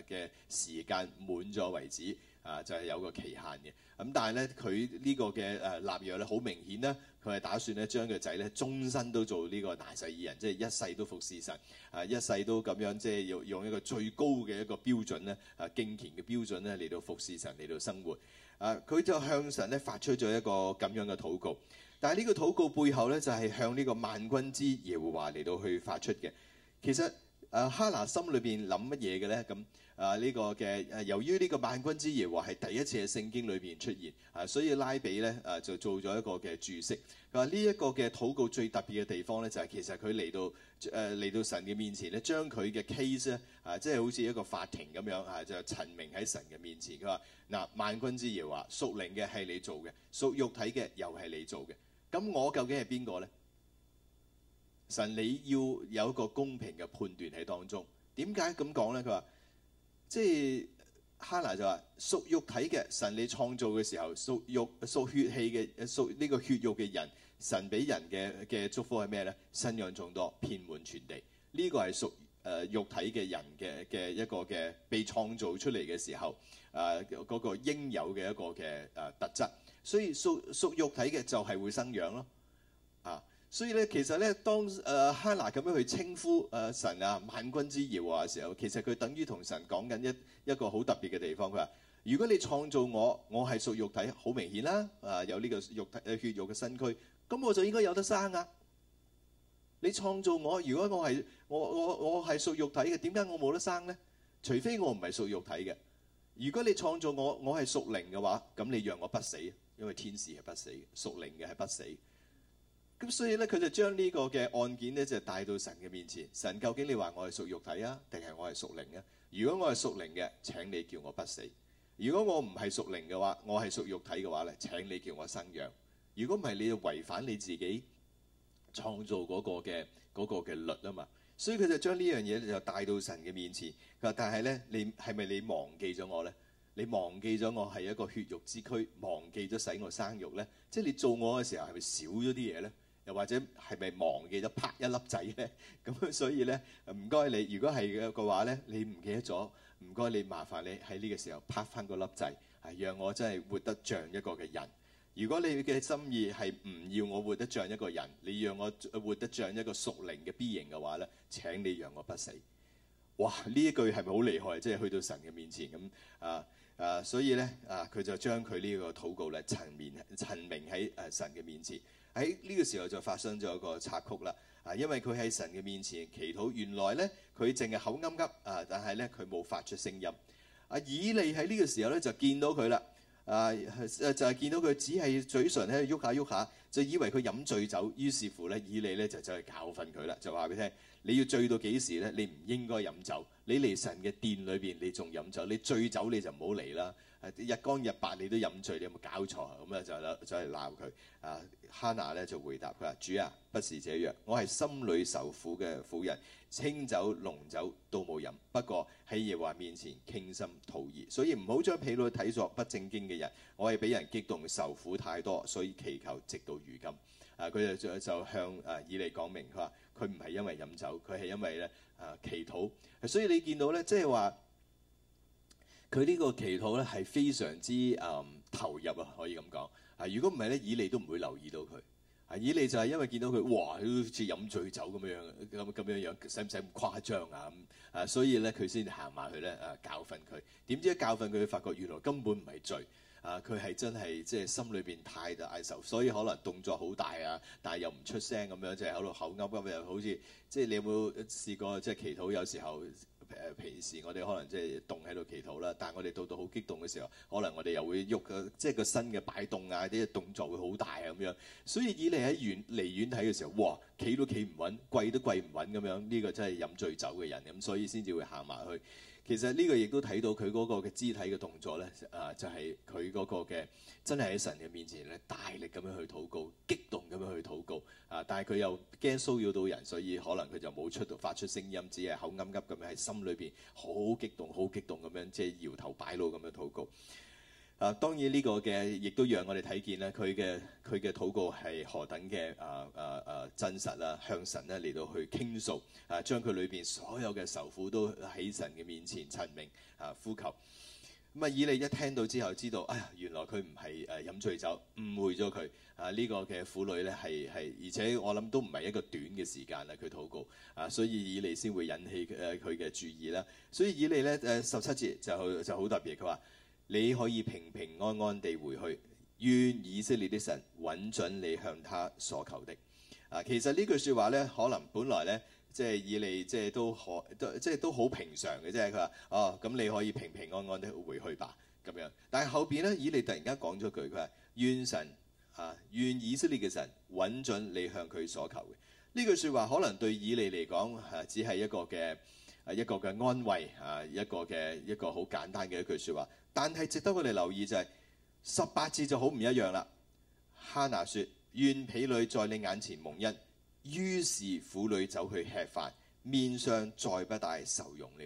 誒嘅時間滿咗為止。啊，就係、是、有個期限嘅。咁、嗯、但係咧，佢、啊、呢個嘅誒立約咧，好明顯咧，佢係打算咧將佢仔咧終身都做呢個拿細耳人，即係一世都服侍神，啊一世都咁樣，即係用用一個最高嘅一個標準咧，啊敬虔嘅標準咧嚟到服侍神嚟到生活。啊，佢就向神咧發出咗一個咁樣嘅禱告。但係呢個禱告背後咧，就係、是、向呢個萬軍之耶和華嚟到去發出嘅。其實。誒、啊、哈拿心裏邊諗乜嘢嘅咧？咁啊呢、這個嘅誒，由於呢個萬軍之耶和華係第一次喺聖經裏邊出現，啊，所以拉比咧啊就做咗一個嘅注釋。佢話呢一個嘅禱告最特別嘅地方咧，就係、是、其實佢嚟到誒嚟、啊、到神嘅面前咧，將佢嘅 case 咧啊，即係好似一個法庭咁樣啊，就陳明喺神嘅面前。佢話嗱，萬軍之耶和華，屬靈嘅係你做嘅，屬肉體嘅又係你做嘅。咁我究竟係邊個咧？神你要有一個公平嘅判斷喺當中，點解咁講咧？佢話即係哈拿就話，屬肉體嘅神你創造嘅時候，屬肉屬血氣嘅屬呢個血肉嘅人，神俾人嘅嘅祝福係咩咧？生養眾多，遍滿全地，呢、這個係屬誒肉體嘅人嘅嘅一個嘅被創造出嚟嘅時候誒嗰、呃那個應有嘅一個嘅誒特質，所以屬屬肉體嘅就係會生養咯，啊。所以咧，其實咧，當誒哈拿咁樣去稱呼誒、呃、神啊、萬軍之耀啊嘅時候，其實佢等於同神講緊一一個好特別嘅地方。佢話：如果你創造我，我係屬肉體，好明顯啦，啊有呢個肉體、血肉嘅身軀，咁我就應該有得生啊！你創造我，如果我係我我我係屬肉體嘅，點解我冇得生呢？除非我唔係屬肉體嘅。如果你創造我，我係屬靈嘅話，咁你讓我不死，因為天使係不死嘅，屬靈嘅係不死。咁所以咧，佢就將呢個嘅案件咧，就帶到神嘅面前。神，究竟你話我係屬肉體啊，定係我係屬靈啊？如果我係屬靈嘅，請你叫我不死；如果我唔係屬靈嘅話，我係屬肉體嘅話咧，請你叫我生養。如果唔係，你就違反你自己創造嗰個嘅嗰個嘅律啊嘛。所以佢就將呢樣嘢就帶到神嘅面前。佢話：但係咧，你係咪你忘記咗我咧？你忘記咗我係一個血肉之軀，忘記咗使我生肉咧？即係你做我嘅時候，係咪少咗啲嘢咧？又或者係咪忘記咗拍一粒仔呢？咁 所以呢，唔該你，如果係嘅嘅話呢，你唔記得咗，唔該你麻煩你喺呢個時候拍返個粒仔，係讓我真係活得像一個嘅人。如果你嘅心意係唔要我活得像一個人，你讓我活得像一個熟靈嘅 B 型嘅話呢，請你讓我不死。哇！呢一句係咪好厲害？即係去到神嘅面前咁啊啊！所以呢，啊，佢就將佢呢個禱告呢陳面陳明喺誒神嘅面前。喺呢個時候就發生咗一個插曲啦，啊，因為佢喺神嘅面前祈禱，原來呢，佢淨係口噏噏啊，但係呢，佢冇發出聲音。啊，以利喺呢個時候呢、啊，就見到佢啦，啊，就係見到佢只係嘴唇喺度喐下喐下，就以為佢飲醉酒。於是乎呢，以利呢，就走去教訓佢啦，就話畀佢聽，你要醉到幾時呢？你唔應該飲酒，你嚟神嘅殿裏邊你仲飲酒，你醉酒你就唔好嚟啦。日光日白，你都飲醉，你有冇搞錯啊？咁咧就啦，就係鬧佢。啊，哈娜咧就回答佢話：主啊，不是這樣，我係心裏受苦嘅婦人，清酒濃酒都冇飲，不過喺耶和華面前傾心吐意，所以唔好將婢女睇作不正經嘅人。我係俾人激動受苦太多，所以祈求直到如今。啊，佢就就向啊以利講明，佢話：佢唔係因為飲酒，佢係因為咧啊祈禱。所以你見到咧，即係話。佢呢個祈禱咧係非常之誒、嗯、投入啊，可以咁講啊。如果唔係咧，以利都唔會留意到佢啊。以利就係因為見到佢，哇，佢好似飲醉酒咁樣樣，咁咁樣樣，使唔使咁誇張啊咁啊？所以咧，佢先行埋去咧啊，教訓佢。點知教訓佢，發覺原來根本唔係醉。啊！佢係真係即係心裏邊太大愁，所以可能動作好大啊，但係又唔出聲咁樣，就喺度口噏噏，又好似即係你有冇試過即係祈禱？有時候呃，平時我哋可能即係動喺度祈禱啦，但係我哋到到好激動嘅時候，可能我哋又會喐個即係個身嘅擺動啊，啲動作會好大啊咁樣。所以以你喺遠離遠睇嘅時候，哇！企都企唔穩，跪都跪唔穩咁樣，呢個真係飲醉酒嘅人咁，所以先至會行埋去。其實呢個亦都睇到佢嗰個嘅肢體嘅動作呢啊，就係佢嗰個嘅真係喺神嘅面前咧，大力咁樣去禱告，激動咁樣去禱告，啊！但係佢又驚騷擾到人，所以可能佢就冇出到發出聲音，只係口噏噏咁樣喺心裏邊好激動、好激動咁樣即係搖頭擺腦咁樣禱告。啊，當然呢個嘅亦都讓我哋睇見咧，佢嘅佢嘅禱告係何等嘅啊啊啊真實啊！向神咧嚟到去傾訴，啊，將佢裏邊所有嘅愁苦都喺神嘅面前陳明啊，呼求。咁啊，以利一聽到之後知道，哎呀，原來佢唔係誒飲醉酒誤會咗佢啊！呢、這個嘅婦女咧係係，而且我諗都唔係一個短嘅時間啦，佢禱告啊，所以以利先會引起誒佢嘅注意啦、啊。所以以利咧誒十七節就就好特別，佢話。啊你可以平平安安地回去，願以色列的神允准你向他所求的。啊，其實呢句説話呢，可能本來呢，即係以利即係都可，即係都好平常嘅啫。佢話哦，咁你可以平平安安地回去吧咁樣。但係後邊呢，以利突然間講咗句，佢話願神啊，願以色列嘅神允准你向佢所求嘅呢句説話，可能對以利嚟講啊，只係一個嘅一個嘅安慰啊，一個嘅，啊，一個好簡單嘅一句説話。但係值得我哋留意就係十八字就好唔一樣啦。哈拿說：願婢女在你眼前蒙恩，於是婦女走去吃飯，面上再不帶愁容了。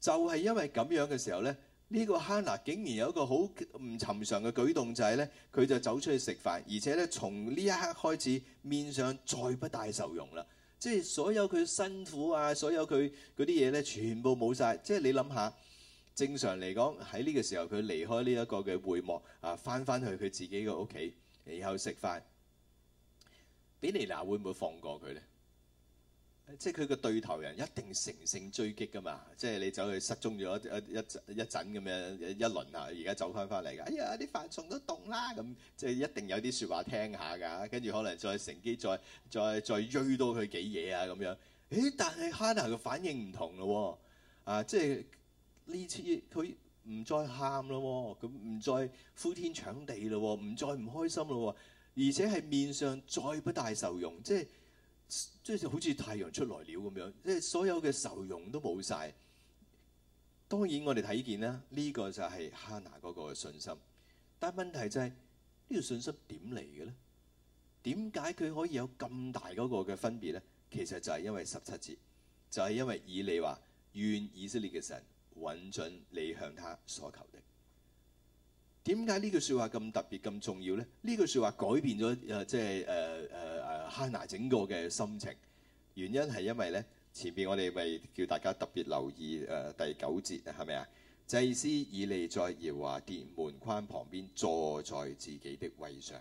就係、是、因為咁樣嘅時候呢，呢、這個哈拿竟然有一個好唔尋常嘅舉動，就係呢，佢就走出去食飯，而且呢，從呢一刻開始，面上再不帶愁容了。即、就、係、是、所有佢辛苦啊，所有佢嗰啲嘢呢，全部冇晒。即、就、係、是、你諗下。正常嚟講，喺呢個時候佢離開呢一個嘅會幕啊，翻翻去佢自己嘅屋企，然後食飯。毗尼拿會唔會放過佢咧？即係佢個對頭人一定乘勝追擊㗎嘛。即係你走去失蹤咗一一一陣咁樣一輪啊，而家走翻翻嚟㗎。哎呀，啲飯餸都凍啦咁，即係一定有啲説話聽下㗎。跟住可能再乘機再再再鋭多佢幾嘢啊咁樣。誒，但係哈拿嘅反應唔同咯，啊，即係。呢次佢唔再喊咯，咁唔再呼天搶地咯，唔再唔開心咯，而且係面上再不帶愁容，即係即係好似太陽出來了咁樣，即係所有嘅愁容都冇晒。當然我哋睇見啦，呢、這個就係哈拿嗰個信心，但問題就係、是、呢、這個信心點嚟嘅咧？點解佢可以有咁大嗰個嘅分別咧？其實就係因為十七節，就係、是、因為以利話，願以色列嘅神。允准你向他所求的。點解呢句説話咁特別、咁重要呢？呢句説話改變咗誒，即係誒誒誒哈拿整個嘅心情。原因係因為咧，前邊我哋咪叫大家特別留意誒、呃、第九節，係咪啊？祭司以利在耶和華殿門框旁邊坐在自己的位上。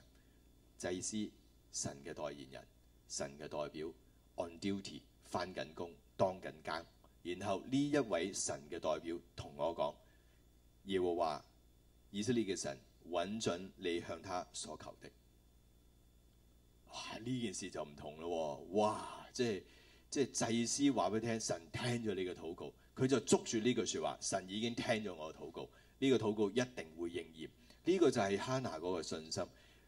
祭司，神嘅代言人，神嘅代表，on duty，翻緊工，當緊監。然後呢一位神嘅代表同我講，耶和華以色列嘅神允准你向他所求的。哇！呢件事就唔同咯，哇！即係即係祭司話俾你聽，神聽咗你嘅禱告，佢就捉住呢句說話，神已經聽咗我嘅禱告，呢、這個禱告一定會應驗。呢、這個就係哈拿嗰個信心。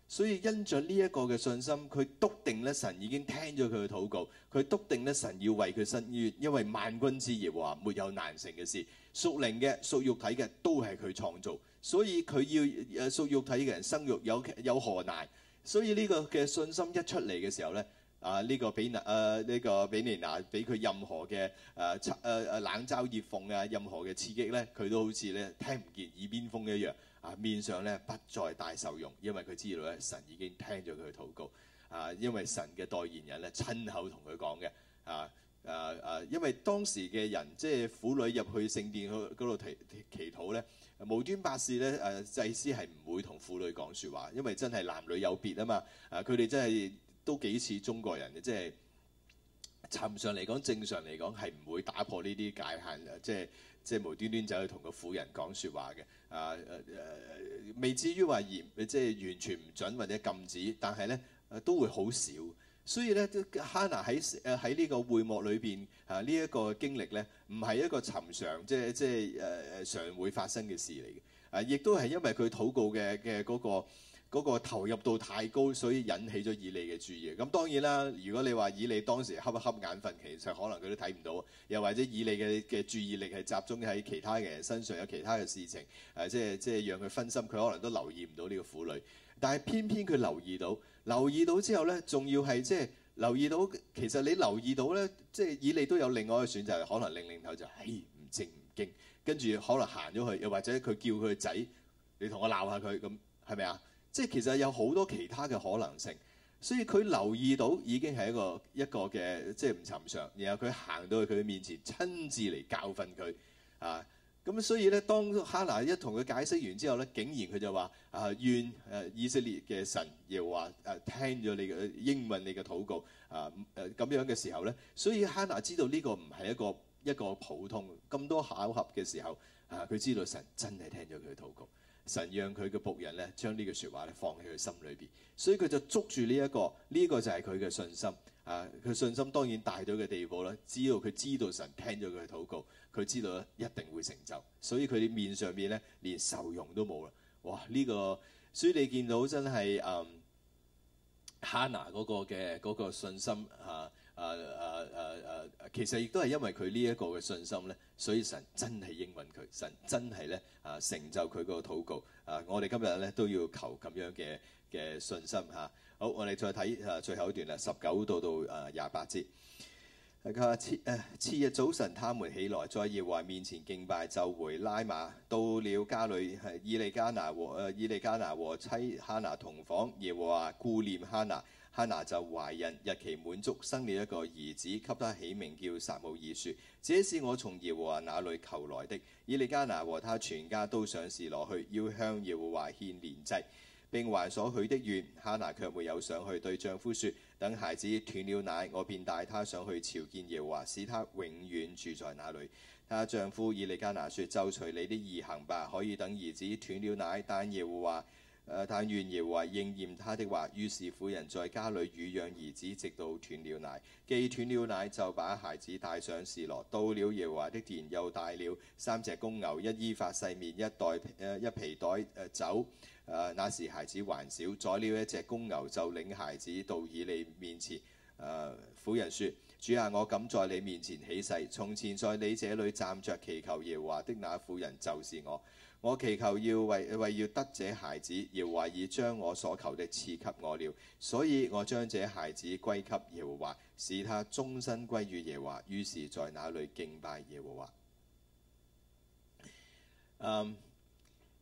所以因着呢一個嘅信心，佢篤定咧神已經聽咗佢嘅禱告，佢篤定咧神要為佢伸冤，因為萬軍之耶和華話沒有難成嘅事，屬靈嘅、屬肉體嘅都係佢創造，所以佢要誒屬肉體嘅人生育有有何難？所以呢個嘅信心一出嚟嘅時候咧，啊呢、呢個比那呢、呃呢個比毗尼拿俾佢任何嘅誒、啊、冷嘲熱諷啊，任何嘅刺激咧，佢都好似咧聽唔見耳邊風一樣。面上咧不再帶愁容，因為佢知道咧，神已經聽咗佢嘅禱告。啊，因為神嘅代言人咧親口同佢講嘅。啊啊啊，因為當時嘅人即係婦女入去聖殿嗰度提祈禱咧，無端白事咧誒祭司係唔會同婦女講説話，因為真係男女有別啊嘛。啊，佢哋真係都幾似中國人嘅，即係尋常嚟講，正常嚟講係唔會打破呢啲界限，即係即係無端端走去同個婦人講説話嘅。啊誒誒、啊、未至於話嚴，即係完全唔準或者禁止，但係咧，都會好少。所以咧，哈拿喺誒喺呢個會幕裏邊啊，呢、這、一個經歷咧，唔係一個尋常，即係即係誒誒常會發生嘅事嚟嘅。啊，亦都係因為佢禱告嘅嘅嗰個。嗰個投入度太高，所以引起咗以利嘅注意。咁當然啦，如果你話以利當時瞌一瞌眼瞓，其實可能佢都睇唔到，又或者以利嘅嘅注意力係集中喺其他嘅身上，有其他嘅事情，誒、呃、即係即係讓佢分心，佢可能都留意唔到呢個婦女。但係偏偏佢留意到，留意到之後呢，仲要係即係留意到。其實你留意到呢，即係以利都有另外一個選擇，可能令令頭就係唔、哎、正唔經，跟住可能行咗去，又或者佢叫佢仔，你同我鬧下佢咁係咪啊？即係其實有好多其他嘅可能性，所以佢留意到已經係一個一個嘅即係唔尋常，然後佢行到去佢面前親自嚟教訓佢啊。咁所以咧，當哈拿一同佢解釋完之後咧，竟然佢就話啊，願誒以色列嘅神要，又話誒聽咗你嘅英文你嘅禱告啊，誒咁樣嘅時候咧，所以哈拿知道呢個唔係一個一個普通咁多巧合嘅時候啊，佢知道神真係聽咗佢嘅禱告。神讓佢嘅僕人咧，將呢句説話咧放喺佢心裏邊，所以佢就捉住呢、這、一個，呢、這個就係佢嘅信心啊！佢信心當然大到嘅地步啦，只要佢知道神聽咗佢嘅禱告，佢知道一定會成就，所以佢嘅面上面咧連愁容都冇啦。哇！呢、這個所以你見到真係、um, 那個、啊，哈拿嗰個嘅嗰信心啊！啊啊啊啊！其實亦都係因為佢呢一個嘅信心咧，所以神真係應允佢，神真係咧啊成就佢個禱告啊！我哋今日咧都要求咁樣嘅嘅信心嚇、啊。好，我哋再睇啊最後一段啦，十九度到啊廿八節。大家次誒、啊、次日早晨，他們起來，在耶和華面前敬拜，就回拉馬。到了家裏係以利加拿和誒以利加拿和妻哈拿同房，耶和華顧念哈拿。哈拿就懷孕，日期滿足，生了一個兒子，給他起名叫撒母耳說：這是我從耶和華那裏求來的。以利加拿和他全家都上示羅去，要向耶和華獻年祭，並還所許的願。哈拿卻沒有上去，對丈夫說：等孩子斷了奶，我便帶他上去朝見耶和華，使他永遠住在那裏。他丈夫以利加拿說：就隨你的意行吧，可以等兒子斷了奶，但耶和華。呃、但願耶和華應驗他的話，於是婦人在家裏乳養兒子，直到斷了奶。既斷了奶，就把孩子帶上示羅。到了耶和華的殿，又帶了三隻公牛，一衣法細麵，一袋一皮袋酒。那、呃、時、呃、孩子還小，宰了一隻公牛，就領孩子到以利面前。誒、呃，婦人説：主啊，我敢在你面前起誓，從前在你這裏站着祈求耶和華的那婦人，就是我。我祈求要為為要得這孩子，耶和華已將我所求的賜給我了，所以我將這孩子歸給耶和華，使他終身歸於耶和華。於是，在那裡敬拜耶和華。Um,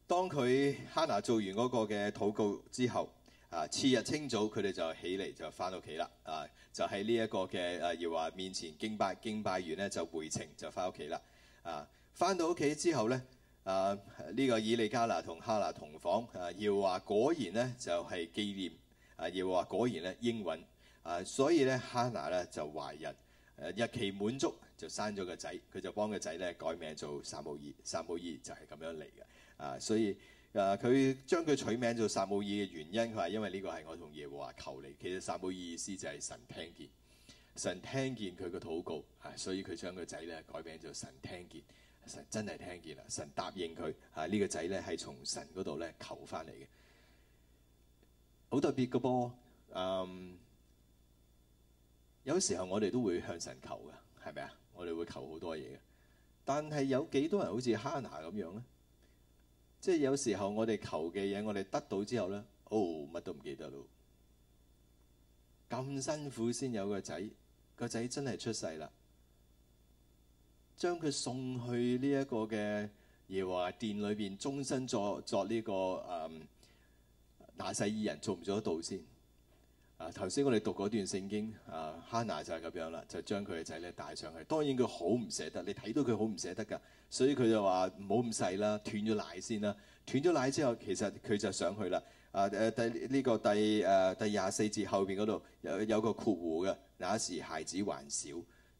當佢哈拿做完嗰個嘅禱告之後，啊，次日清早佢哋就起嚟就翻屋企啦，啊，就喺呢一個嘅耶和華面前敬拜，敬拜完呢，就,就回程就翻屋企啦，啊，翻到屋企之後呢。啊！呢、這個以利加拿同哈拿同房，啊！耶和華果然呢就係、是、紀念，啊！耶和華果然呢應允，啊！所以呢，哈拿呢就懷孕、啊，日期滿足就生咗個仔，佢就幫個仔咧改名做撒母耳，撒母耳就係咁樣嚟嘅，啊！所以誒佢將佢取名做撒母耳嘅原因，佢話因為呢個係我同耶和華求嚟，其實撒母耳意思就係神聽見，神聽見佢嘅禱告，啊！所以佢將個仔咧改名做神聽見。神真係聽見啦！神答應佢，啊、呢個、呢個仔咧係從神嗰度咧求翻嚟嘅，好特別嘅噃。嗯、um,，有時候我哋都會向神求嘅，係咪啊？我哋會求好多嘢嘅，但係有幾多人好似哈拿咁樣咧？即係有時候我哋求嘅嘢，我哋得到之後咧，哦，乜都唔記得咯。咁辛苦先有個仔，個仔真係出世啦。將佢送去呢一個嘅耶和華殿裏邊，終身作作呢個誒拿細耳人，做唔做得到先？啊，頭先我哋讀嗰段聖經啊，哈拿就係咁樣啦，就將佢嘅仔咧帶上去。當然佢好唔捨得，你睇到佢好唔捨得㗎，所以佢就話唔好咁細啦，斷咗奶先啦。斷咗奶之後，其實佢就上去啦。啊誒，第呢、這個第誒、啊、第二十四節後邊嗰度有有個括弧嘅，那時孩子還小。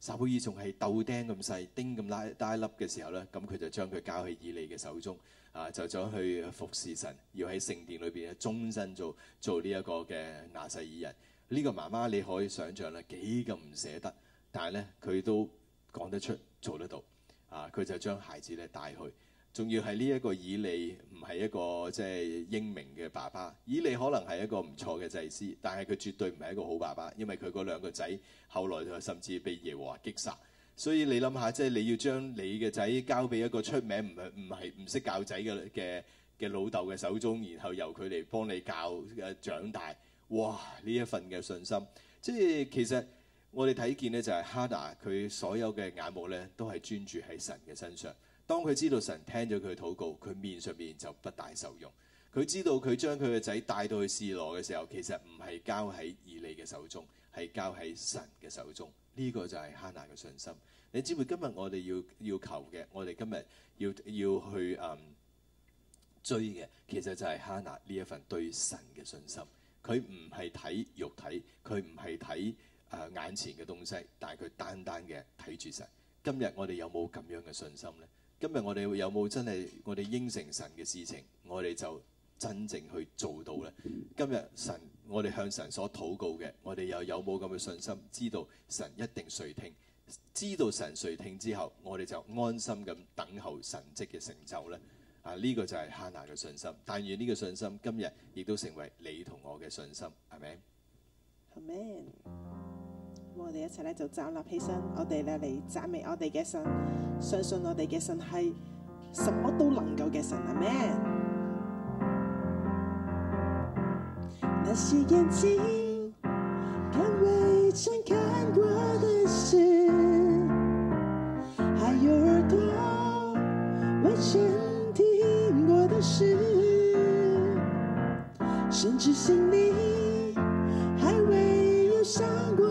撒母耳仲係豆釘咁細釘咁大大粒嘅時候咧，咁佢就將佢交去以利嘅手中，啊就走去服侍神，要喺聖殿裏邊咧終身做做呢一個嘅拿細耳人。呢個媽媽你可以想像咧幾咁唔捨得，但係咧佢都講得出做得到，啊佢就將孩子咧帶去。仲要係呢一個以利唔係一個即係、就是、英明嘅爸爸，以利可能係一個唔錯嘅祭司，但係佢絕對唔係一個好爸爸，因為佢嗰兩個仔後來就甚至被耶和華擊殺。所以你諗下，即、就、係、是、你要將你嘅仔交俾一個出名唔係唔係唔識教仔嘅嘅嘅老豆嘅手中，然後由佢哋幫你教嘅長大，哇！呢一份嘅信心，即係其實我哋睇見呢，就係哈拿佢所有嘅眼目呢都係專注喺神嘅身上。當佢知道神聽咗佢嘅禱告，佢面上面就不大受用。佢知道佢將佢嘅仔帶到去示羅嘅時候，其實唔係交喺以利嘅手中，係交喺神嘅手中。呢、這個就係哈拿嘅信心。你知唔知今日我哋要要求嘅，我哋今日要要去、嗯、追嘅，其實就係哈拿呢一份對神嘅信心。佢唔係睇肉體，佢唔係睇誒眼前嘅東西，但係佢單單嘅睇住神。今日我哋有冇咁樣嘅信心呢？今日我哋有冇真係我哋應承神嘅事情，我哋就真正去做到咧？今日神，我哋向神所禱告嘅，我哋又有冇咁嘅信心，知道神一定垂聽，知道神垂聽之後，我哋就安心咁等候神蹟嘅成就咧？啊，呢個就係哈拿嘅信心，但願呢個信心今日亦都成為你同我嘅信心，阿們。
我哋一齊咧就站立起身，我哋咧嚟讚美我哋嘅神，相信我哋嘅神係什麼都能夠嘅神，Amen。那些眼睛看未曾看過嘅
事，還有耳朵未曾聽過嘅事，甚至心裡還未有想過。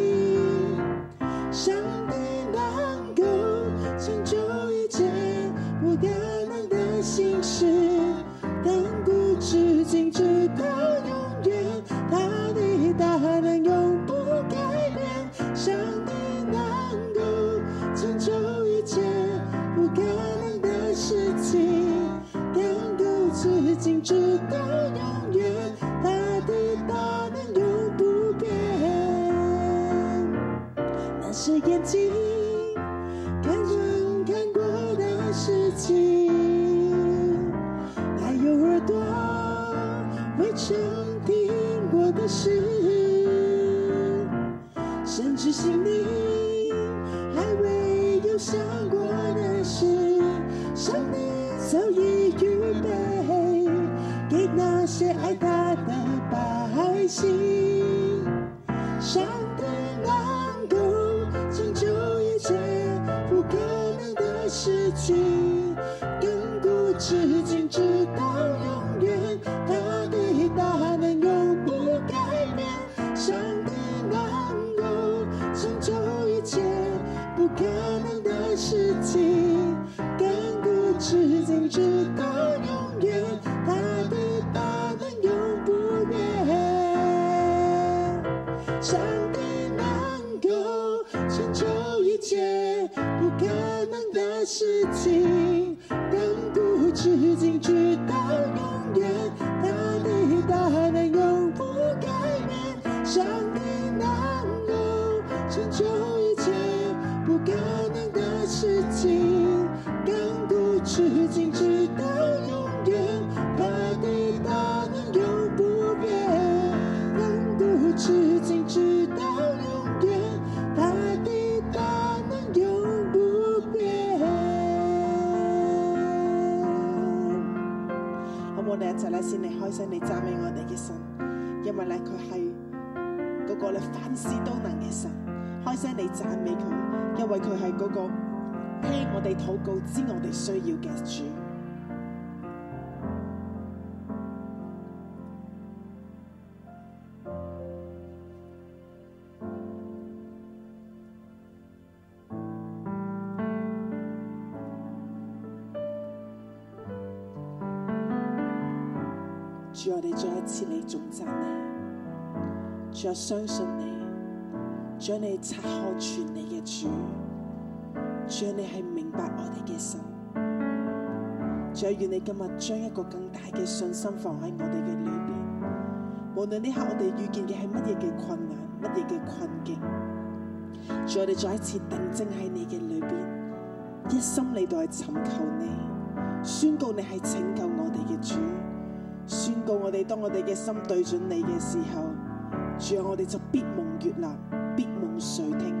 至盡直到永遠，他的大能永不變。人不知直到永遠，
他的大能永不變。好，我哋一齊咧先嚟開聲，嚟讚美我哋嘅神，因為咧佢係嗰個咧凡事都能嘅神。開聲嚟讚美佢，因為佢係嗰個。地禱告知我哋需要嘅主，主我哋再一次嚟重讚你，主我相信你，將你拆開全你嘅主。主啊，你係明白我哋嘅心，主啊，願你今日將一個更大嘅信心放喺我哋嘅裏邊。無論呢刻我哋遇見嘅係乜嘢嘅困難，乜嘢嘅困境，主啊，我哋再一次定睛喺你嘅裏邊，一心你都係尋求你，宣告你係拯救我哋嘅主，宣告我哋當我哋嘅心對準你嘅時候，主啊，我哋就必蒙悅納，必蒙垂聽。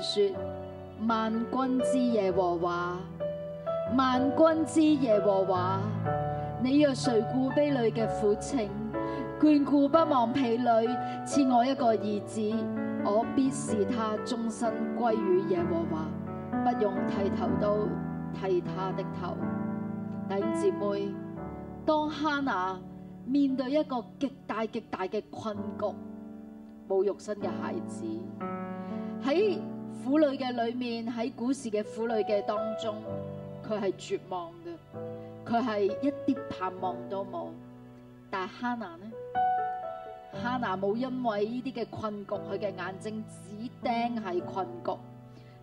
說萬軍之耶和華，萬軍之耶和華，你若垂顧婢女嘅苦情，眷顧不忘婢女，賜我一個兒子，我必使他終身歸於耶和華，不用剃頭刀剃他的頭。弟兄姊妹，當哈拿面對一個極大極大嘅困局，冇肉身嘅孩子喺。苦女嘅裏面，喺古時嘅苦女嘅當中，佢係絕望嘅，佢係一啲盼望都冇。但係哈娜呢？哈拿冇因為呢啲嘅困局，佢嘅眼睛只盯係困局，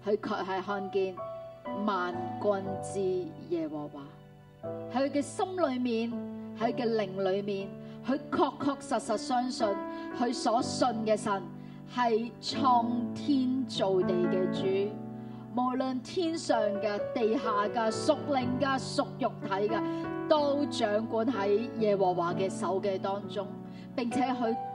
佢確係看見萬軍之耶和華喺佢嘅心裏面，喺佢嘅靈裏面，佢確確實實相信佢所信嘅神。係創天造地嘅主，無論天上嘅、地下嘅、屬靈嘅、屬肉體嘅，都掌管喺耶和華嘅手嘅當中，並且去。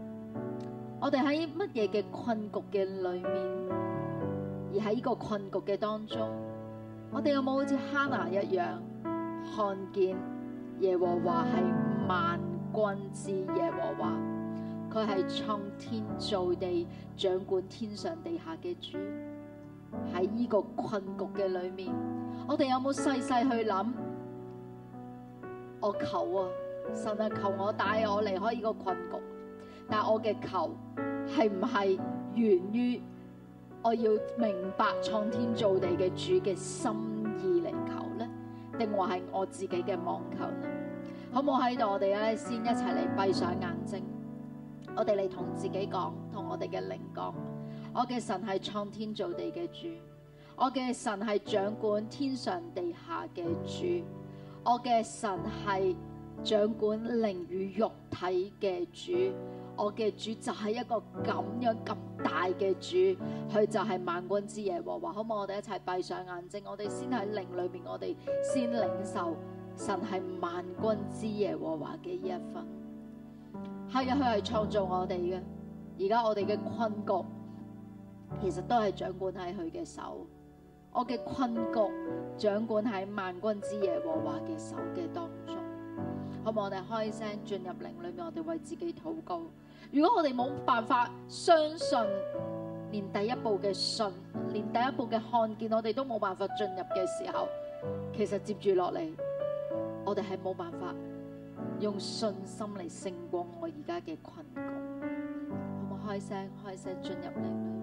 我哋喺乜嘢嘅困局嘅裏面，而喺呢個困局嘅當中，我哋有冇好似哈拿一樣，看見耶和華係萬軍之耶和華，佢係創天造地、掌管天上地下嘅主。喺呢個困局嘅裏面，我哋有冇細細去諗？我求啊，神啊，求我帶我離開呢個困局。但我嘅求係唔係源於我要明白創天造地嘅主嘅心意嚟求咧，定話係我自己嘅妄求咧？好唔好喺度？我哋咧先一齊嚟閉上眼睛，我哋嚟同自己講，同我哋嘅靈講，我嘅神係創天造地嘅主，我嘅神係掌管天上地下嘅主，我嘅神係掌管靈與肉體嘅主。我嘅主就係一個咁樣咁大嘅主，佢就係萬軍之耶和華。好唔好？我哋一齊閉上眼睛，我哋先喺靈裏面，我哋先領受神係萬軍之耶和華嘅呢一份。係佢係創造我哋嘅，而家我哋嘅困局其實都係掌管喺佢嘅手。我嘅困局掌管喺萬軍之耶和華嘅手嘅當中。好唔好？我哋開聲進入靈裏面，我哋為自己禱告。如果我哋冇辦法相信，連第一步嘅信，連第一步嘅看見我哋都冇辦法進入嘅時候，其實接住落嚟，我哋係冇辦法用信心嚟勝過我而家嘅困局。好唔好開聲？開聲進入嚟。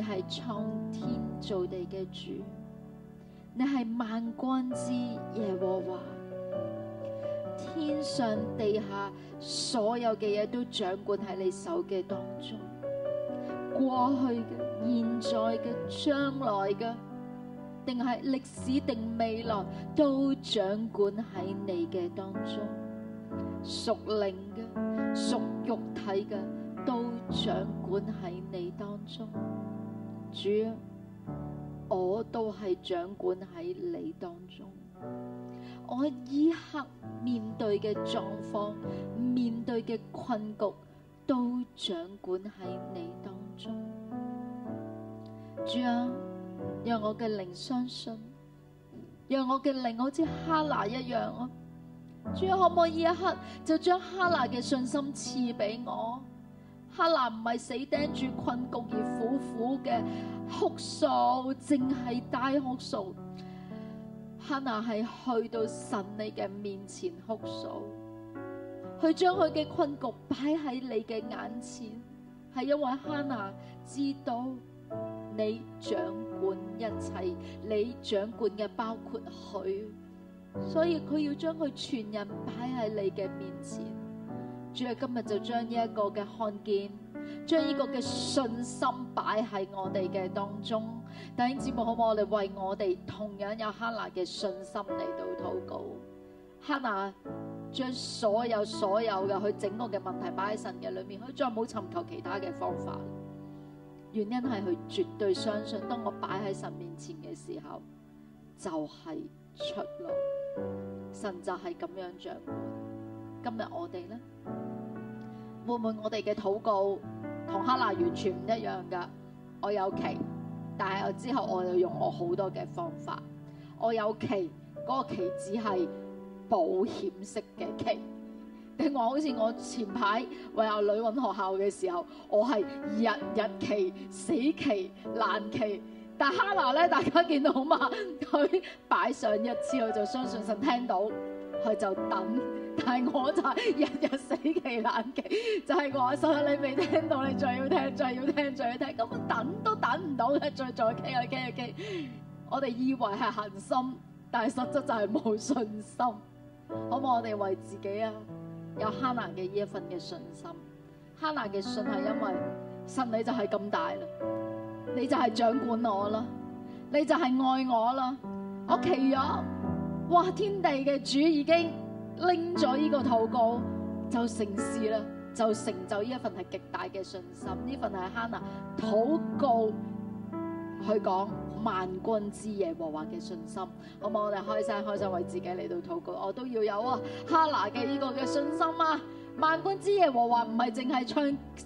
你係創天造地嘅主，你係萬軍之耶和華，天上地下所有嘅嘢都掌管喺你手嘅當中，過去嘅、現在嘅、將來嘅，定係歷史定未來，都掌管喺你嘅當中，屬靈嘅、屬肉體嘅，都掌管喺你當中。主啊，我都係掌管喺你當中。我依刻面對嘅狀況、面對嘅困局，都掌管喺你當中。主啊，讓我嘅靈相信，讓我嘅靈好似哈拿一樣啊！主啊，可唔可以一刻就將哈拿嘅信心賜俾我？哈拿唔係死盯住困局而苦苦嘅哭訴，淨係大哭訴。哈拿係去到神你嘅面前哭訴，佢將佢嘅困局擺喺你嘅眼前，係因為哈拿知道你掌管一切，你掌管嘅包括佢，所以佢要將佢全人擺喺你嘅面前。主喺今日就將呢一個嘅看見，將呢個嘅信心擺喺我哋嘅當中。帶領節目好唔好？我哋為我哋同樣有哈拿嘅信心嚟到禱告哈拿將所有所有嘅佢整個嘅問題擺喺神嘅裏面，佢再冇尋求其他嘅方法。原因係佢絕對相信，當我擺喺神面前嘅時候，就係出路。神就係咁樣着今日我哋咧？會唔會我哋嘅禱告同哈拿完全唔一樣㗎？我有期，但係我之後我又用我好多嘅方法。我有期，嗰個期只係保險式嘅期。你話好似我前排為阿女揾學校嘅時候，我係日日期死期難期，但係哈拿咧，大家見到嘛？佢 擺上一次，佢就相信神聽到。佢就等，但係我就日日死期冷期，就係、是、我。我覺得你未聽到，你再要聽，再要聽，再要聽，咁等都等唔到嘅，再再傾啊傾啊傾！我哋以為係恒心，但係實質就係冇信心。可唔可以我哋為自己啊，有哈拿嘅呢一份嘅信心？哈拿嘅信係因為神你就係咁大啦，你就係掌管我啦，你就係愛我啦，我企咗。哇！天地嘅主已經拎咗呢個禱告就成事啦，就成就呢一份係極大嘅信心，呢份係哈拿禱告去講萬軍之耶和華嘅信心。好冇？我哋開心開心，開心為自己嚟到禱告，我、哦、都要有啊哈拿嘅呢個嘅信心啊！萬軍之夜和華唔係淨係唱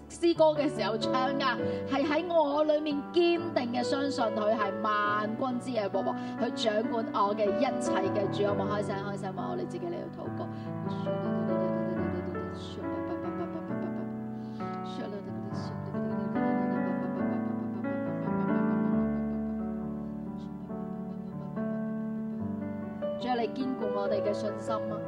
詩歌嘅時候唱噶，係喺我裏面堅定嘅相信佢係萬軍之夜和華，佢掌管我嘅一切嘅主，有冇開心開心，我哋、哦、自己嚟到禱告。主啊，你堅固我哋嘅信心啊，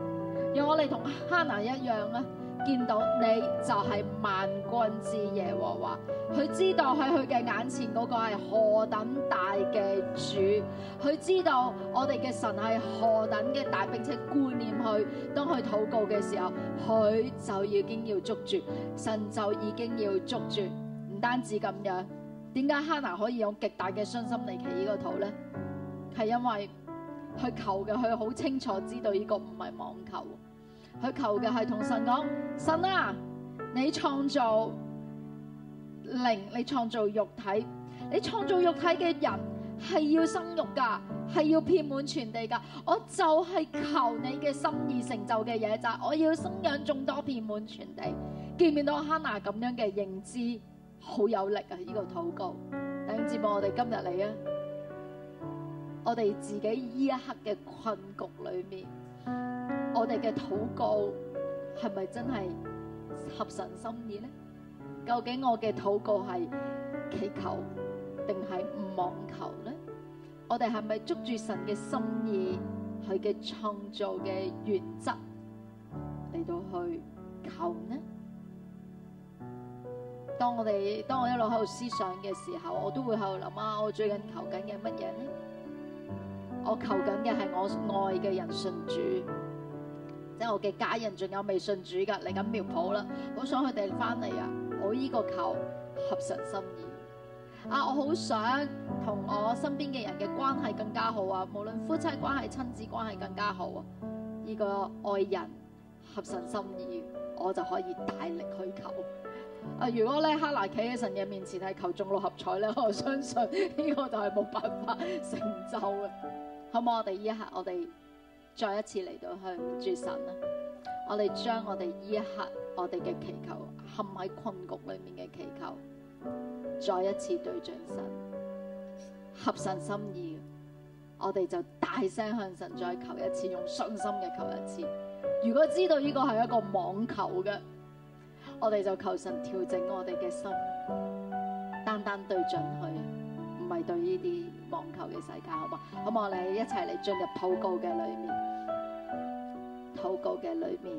讓我哋同哈拿一樣啊！見到你就係萬軍之耶和華，佢知道喺佢嘅眼前嗰個係何等大嘅主，佢知道我哋嘅神係何等嘅大，並且觀念佢，當佢禱告嘅時候，佢就已經要捉住神，就已經要捉住。唔單止咁樣，點解哈拿可以用極大嘅信心嚟企呢個禱呢？係因為佢求嘅，佢好清楚知道呢個唔係妄求。佢求嘅係同神講，神啊，你創造靈，你創造肉體，你創造肉體嘅人係要生育噶，係要遍滿全地噶。我就係求你嘅心意成就嘅嘢就係，我要生養眾多遍滿全地，見唔見到哈拿咁樣嘅認知好有力啊！呢、這個禱告，帶領節目我哋今日嚟啊，我哋自己呢一刻嘅困局裏面。我哋嘅禱告係咪真係合神心意咧？究竟我嘅禱告係祈求定係唔妄求咧？我哋係咪捉住神嘅心意，佢嘅創造嘅原則嚟到去求呢？當我哋當我一路喺度思想嘅時候，我都會喺度諗啊！我最近求緊嘅乜嘢呢？我求緊嘅係我愛嘅人信主。即係我嘅家人，仲有未信主噶嚟緊苗圃啦，好想佢哋翻嚟啊！我依個求合神心意啊！我好想同我身邊嘅人嘅關係更加好啊！無論夫妻關係、親子關係更加好啊！依個愛人合神心意，我就可以大力去求啊！如果咧哈拿企喺神嘅面前係求中六合彩咧，我相信呢個就係冇辦法成就嘅，好唔好？我哋依下我哋。再一次嚟到向住神啦，我哋將我哋呢一刻我哋嘅祈求，陷喺困局裏面嘅祈求，再一次對準神，合神心意，我哋就大聲向神再求一次，用信心嘅求一次。如果知道呢個係一個妄求嘅，我哋就求神調整我哋嘅心，單單對準佢，唔係對呢啲妄求嘅世界，好唔好？好，我哋一齊嚟進入禱告嘅裏面。禱告嘅裏面，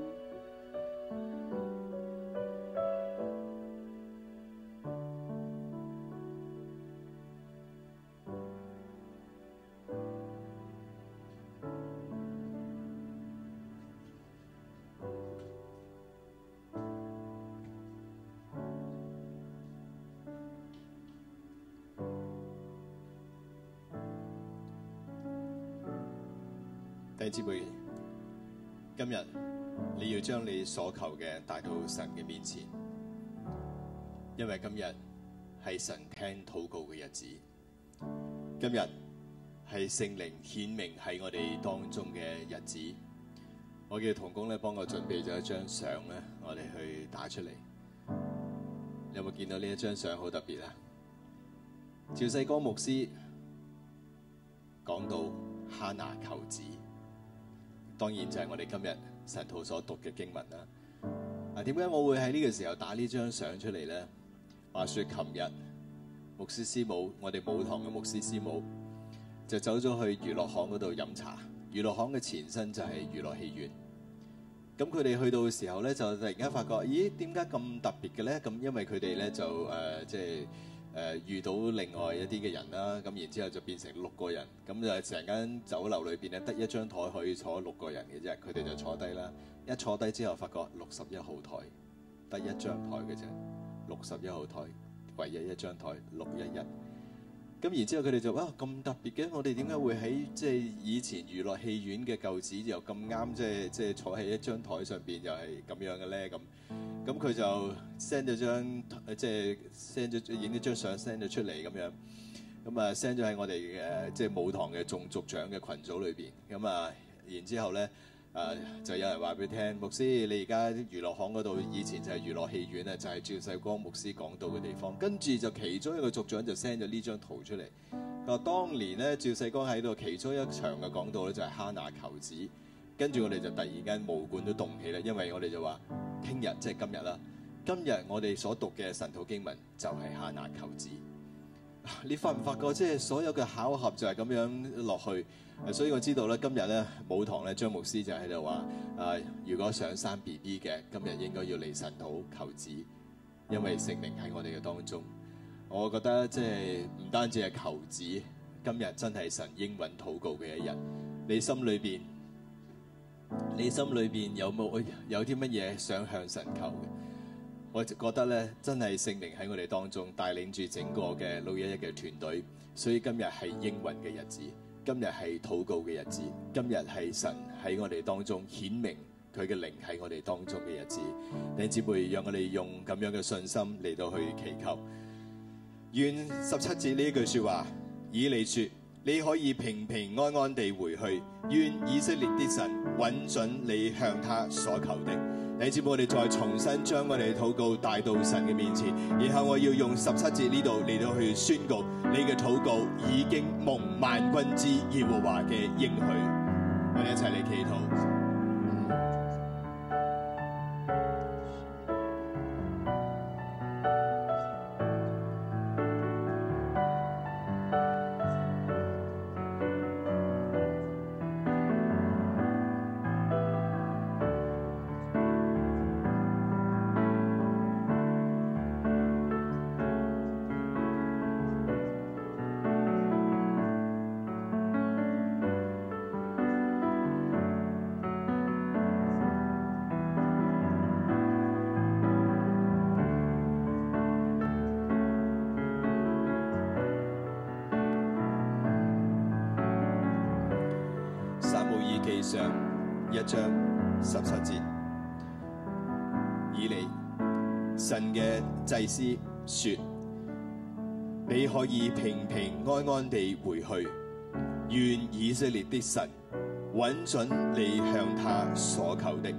第二次會議。將你所求嘅帶到神嘅面前，因為今日係神聽禱告嘅日子，今日係聖靈顯明喺我哋當中嘅日子。我嘅同工咧，幫我準備咗一張相咧，我哋去打出嚟。你有冇見到呢一張相好特別咧？趙世光牧師講到哈拿求子，當然就係我哋今日。神徒所讀嘅經文啦，嗱，點解我會喺呢個時候打呢張相出嚟咧？話説琴日牧師師母，我哋舞堂嘅牧師師母就走咗去娛樂行嗰度飲茶。娛樂行嘅前身就係娛樂戲院。咁佢哋去到嘅時候咧，就突然間發覺，咦點解咁特別嘅咧？咁因為佢哋咧就誒即係。呃就是呃、遇到另外一啲嘅人啦，咁然之後就變成六個人，咁就成間酒樓裏邊咧，得一張台可以坐六個人嘅啫，佢哋就坐低啦。一坐低之後發覺六十一號台得一張台嘅啫，六十一號台唯一一張台六一一。咁然之後佢哋就哇咁、啊、特別嘅，我哋點解會喺即係以前娛樂戲院嘅舊址又咁啱即係即係坐喺一張台上邊又係咁樣嘅咧咁？咁佢就 send 咗張即係 send 咗影一張相 send 咗出嚟咁樣，咁、嗯、啊 send 咗喺我哋誒即係母堂嘅眾族長嘅群組裏邊，咁、嗯、啊然之後咧。誒、呃、就有人話俾你聽，牧師你而家娛樂行嗰度以前就係娛樂戲院咧，就係、是、趙世光牧師講道嘅地方。跟住就其中一個族長就 send 咗呢張圖出嚟，佢話當年呢，趙世光喺度其中一場嘅講道咧就係哈拿求子。跟住我哋就突然間毛管都動起啦，因為我哋就話聽日即係今日啦。今日我哋所讀嘅神土經文就係哈拿求子。你發唔發覺即係所有嘅巧合就係咁樣落去？啊、所以我知道咧，今日咧母堂咧張牧師就喺度話：誒、啊，如果想生 B B 嘅，今日應該要嚟神壺求子，因為聖靈喺我哋嘅當中。我覺得即係唔單止係求子，今日真係神應允禱告嘅一日。你心裏邊，你心裏邊有冇有啲乜嘢想向神求嘅？我覺得咧，真係聖靈喺我哋當中帶領住整個嘅611嘅團隊，所以今日係應允嘅日子。今日係禱告嘅日子，今日係神喺我哋當中顯明佢嘅靈喺我哋當中嘅日子，弟兄姊妹，讓我哋用咁樣嘅信心嚟到去祈求，願十七節呢一句說話，以利說，你可以平平安安地回去，願以色列的神允准你向他所求的。你知，我哋再重新將我哋嘅禱告帶到神嘅面前，然後我要用十七節呢度嚟到去宣告，你嘅禱告已經蒙萬軍之耶和華嘅應許，我哋一齊嚟祈禱。而平平安安地回去，願以色列的神允准你向他所求的，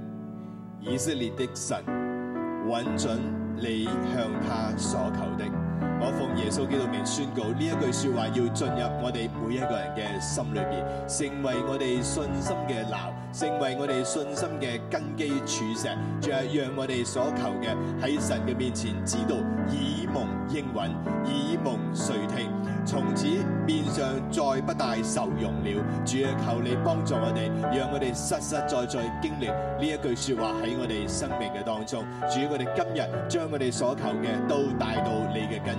以色列的神允准你向他所求的。我奉耶穌基督名宣告，呢一句說話要進入我哋每一個人嘅心裏邊，成為我哋信心嘅牢，成為我哋信心嘅根基柱石。主啊，讓我哋所求嘅喺神嘅面前，知道已蒙應允，已蒙垂聽，從此面上再不帶愁容了。主啊，求你幫助我哋，讓我哋實實在在經歷呢一句說話喺我哋生命嘅當中。主，我哋今日將我哋所求嘅都帶到你嘅跟。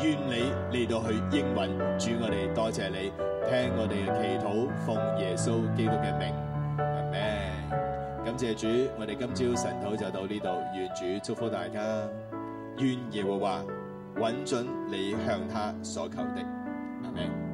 願你嚟到去應允，主，我哋多謝你聽我哋嘅祈禱，奉耶穌基督嘅名，阿門。感謝主，我哋今朝晨禱就到呢度，願主祝福大家，願耶和華允准你向他所求的，阿門。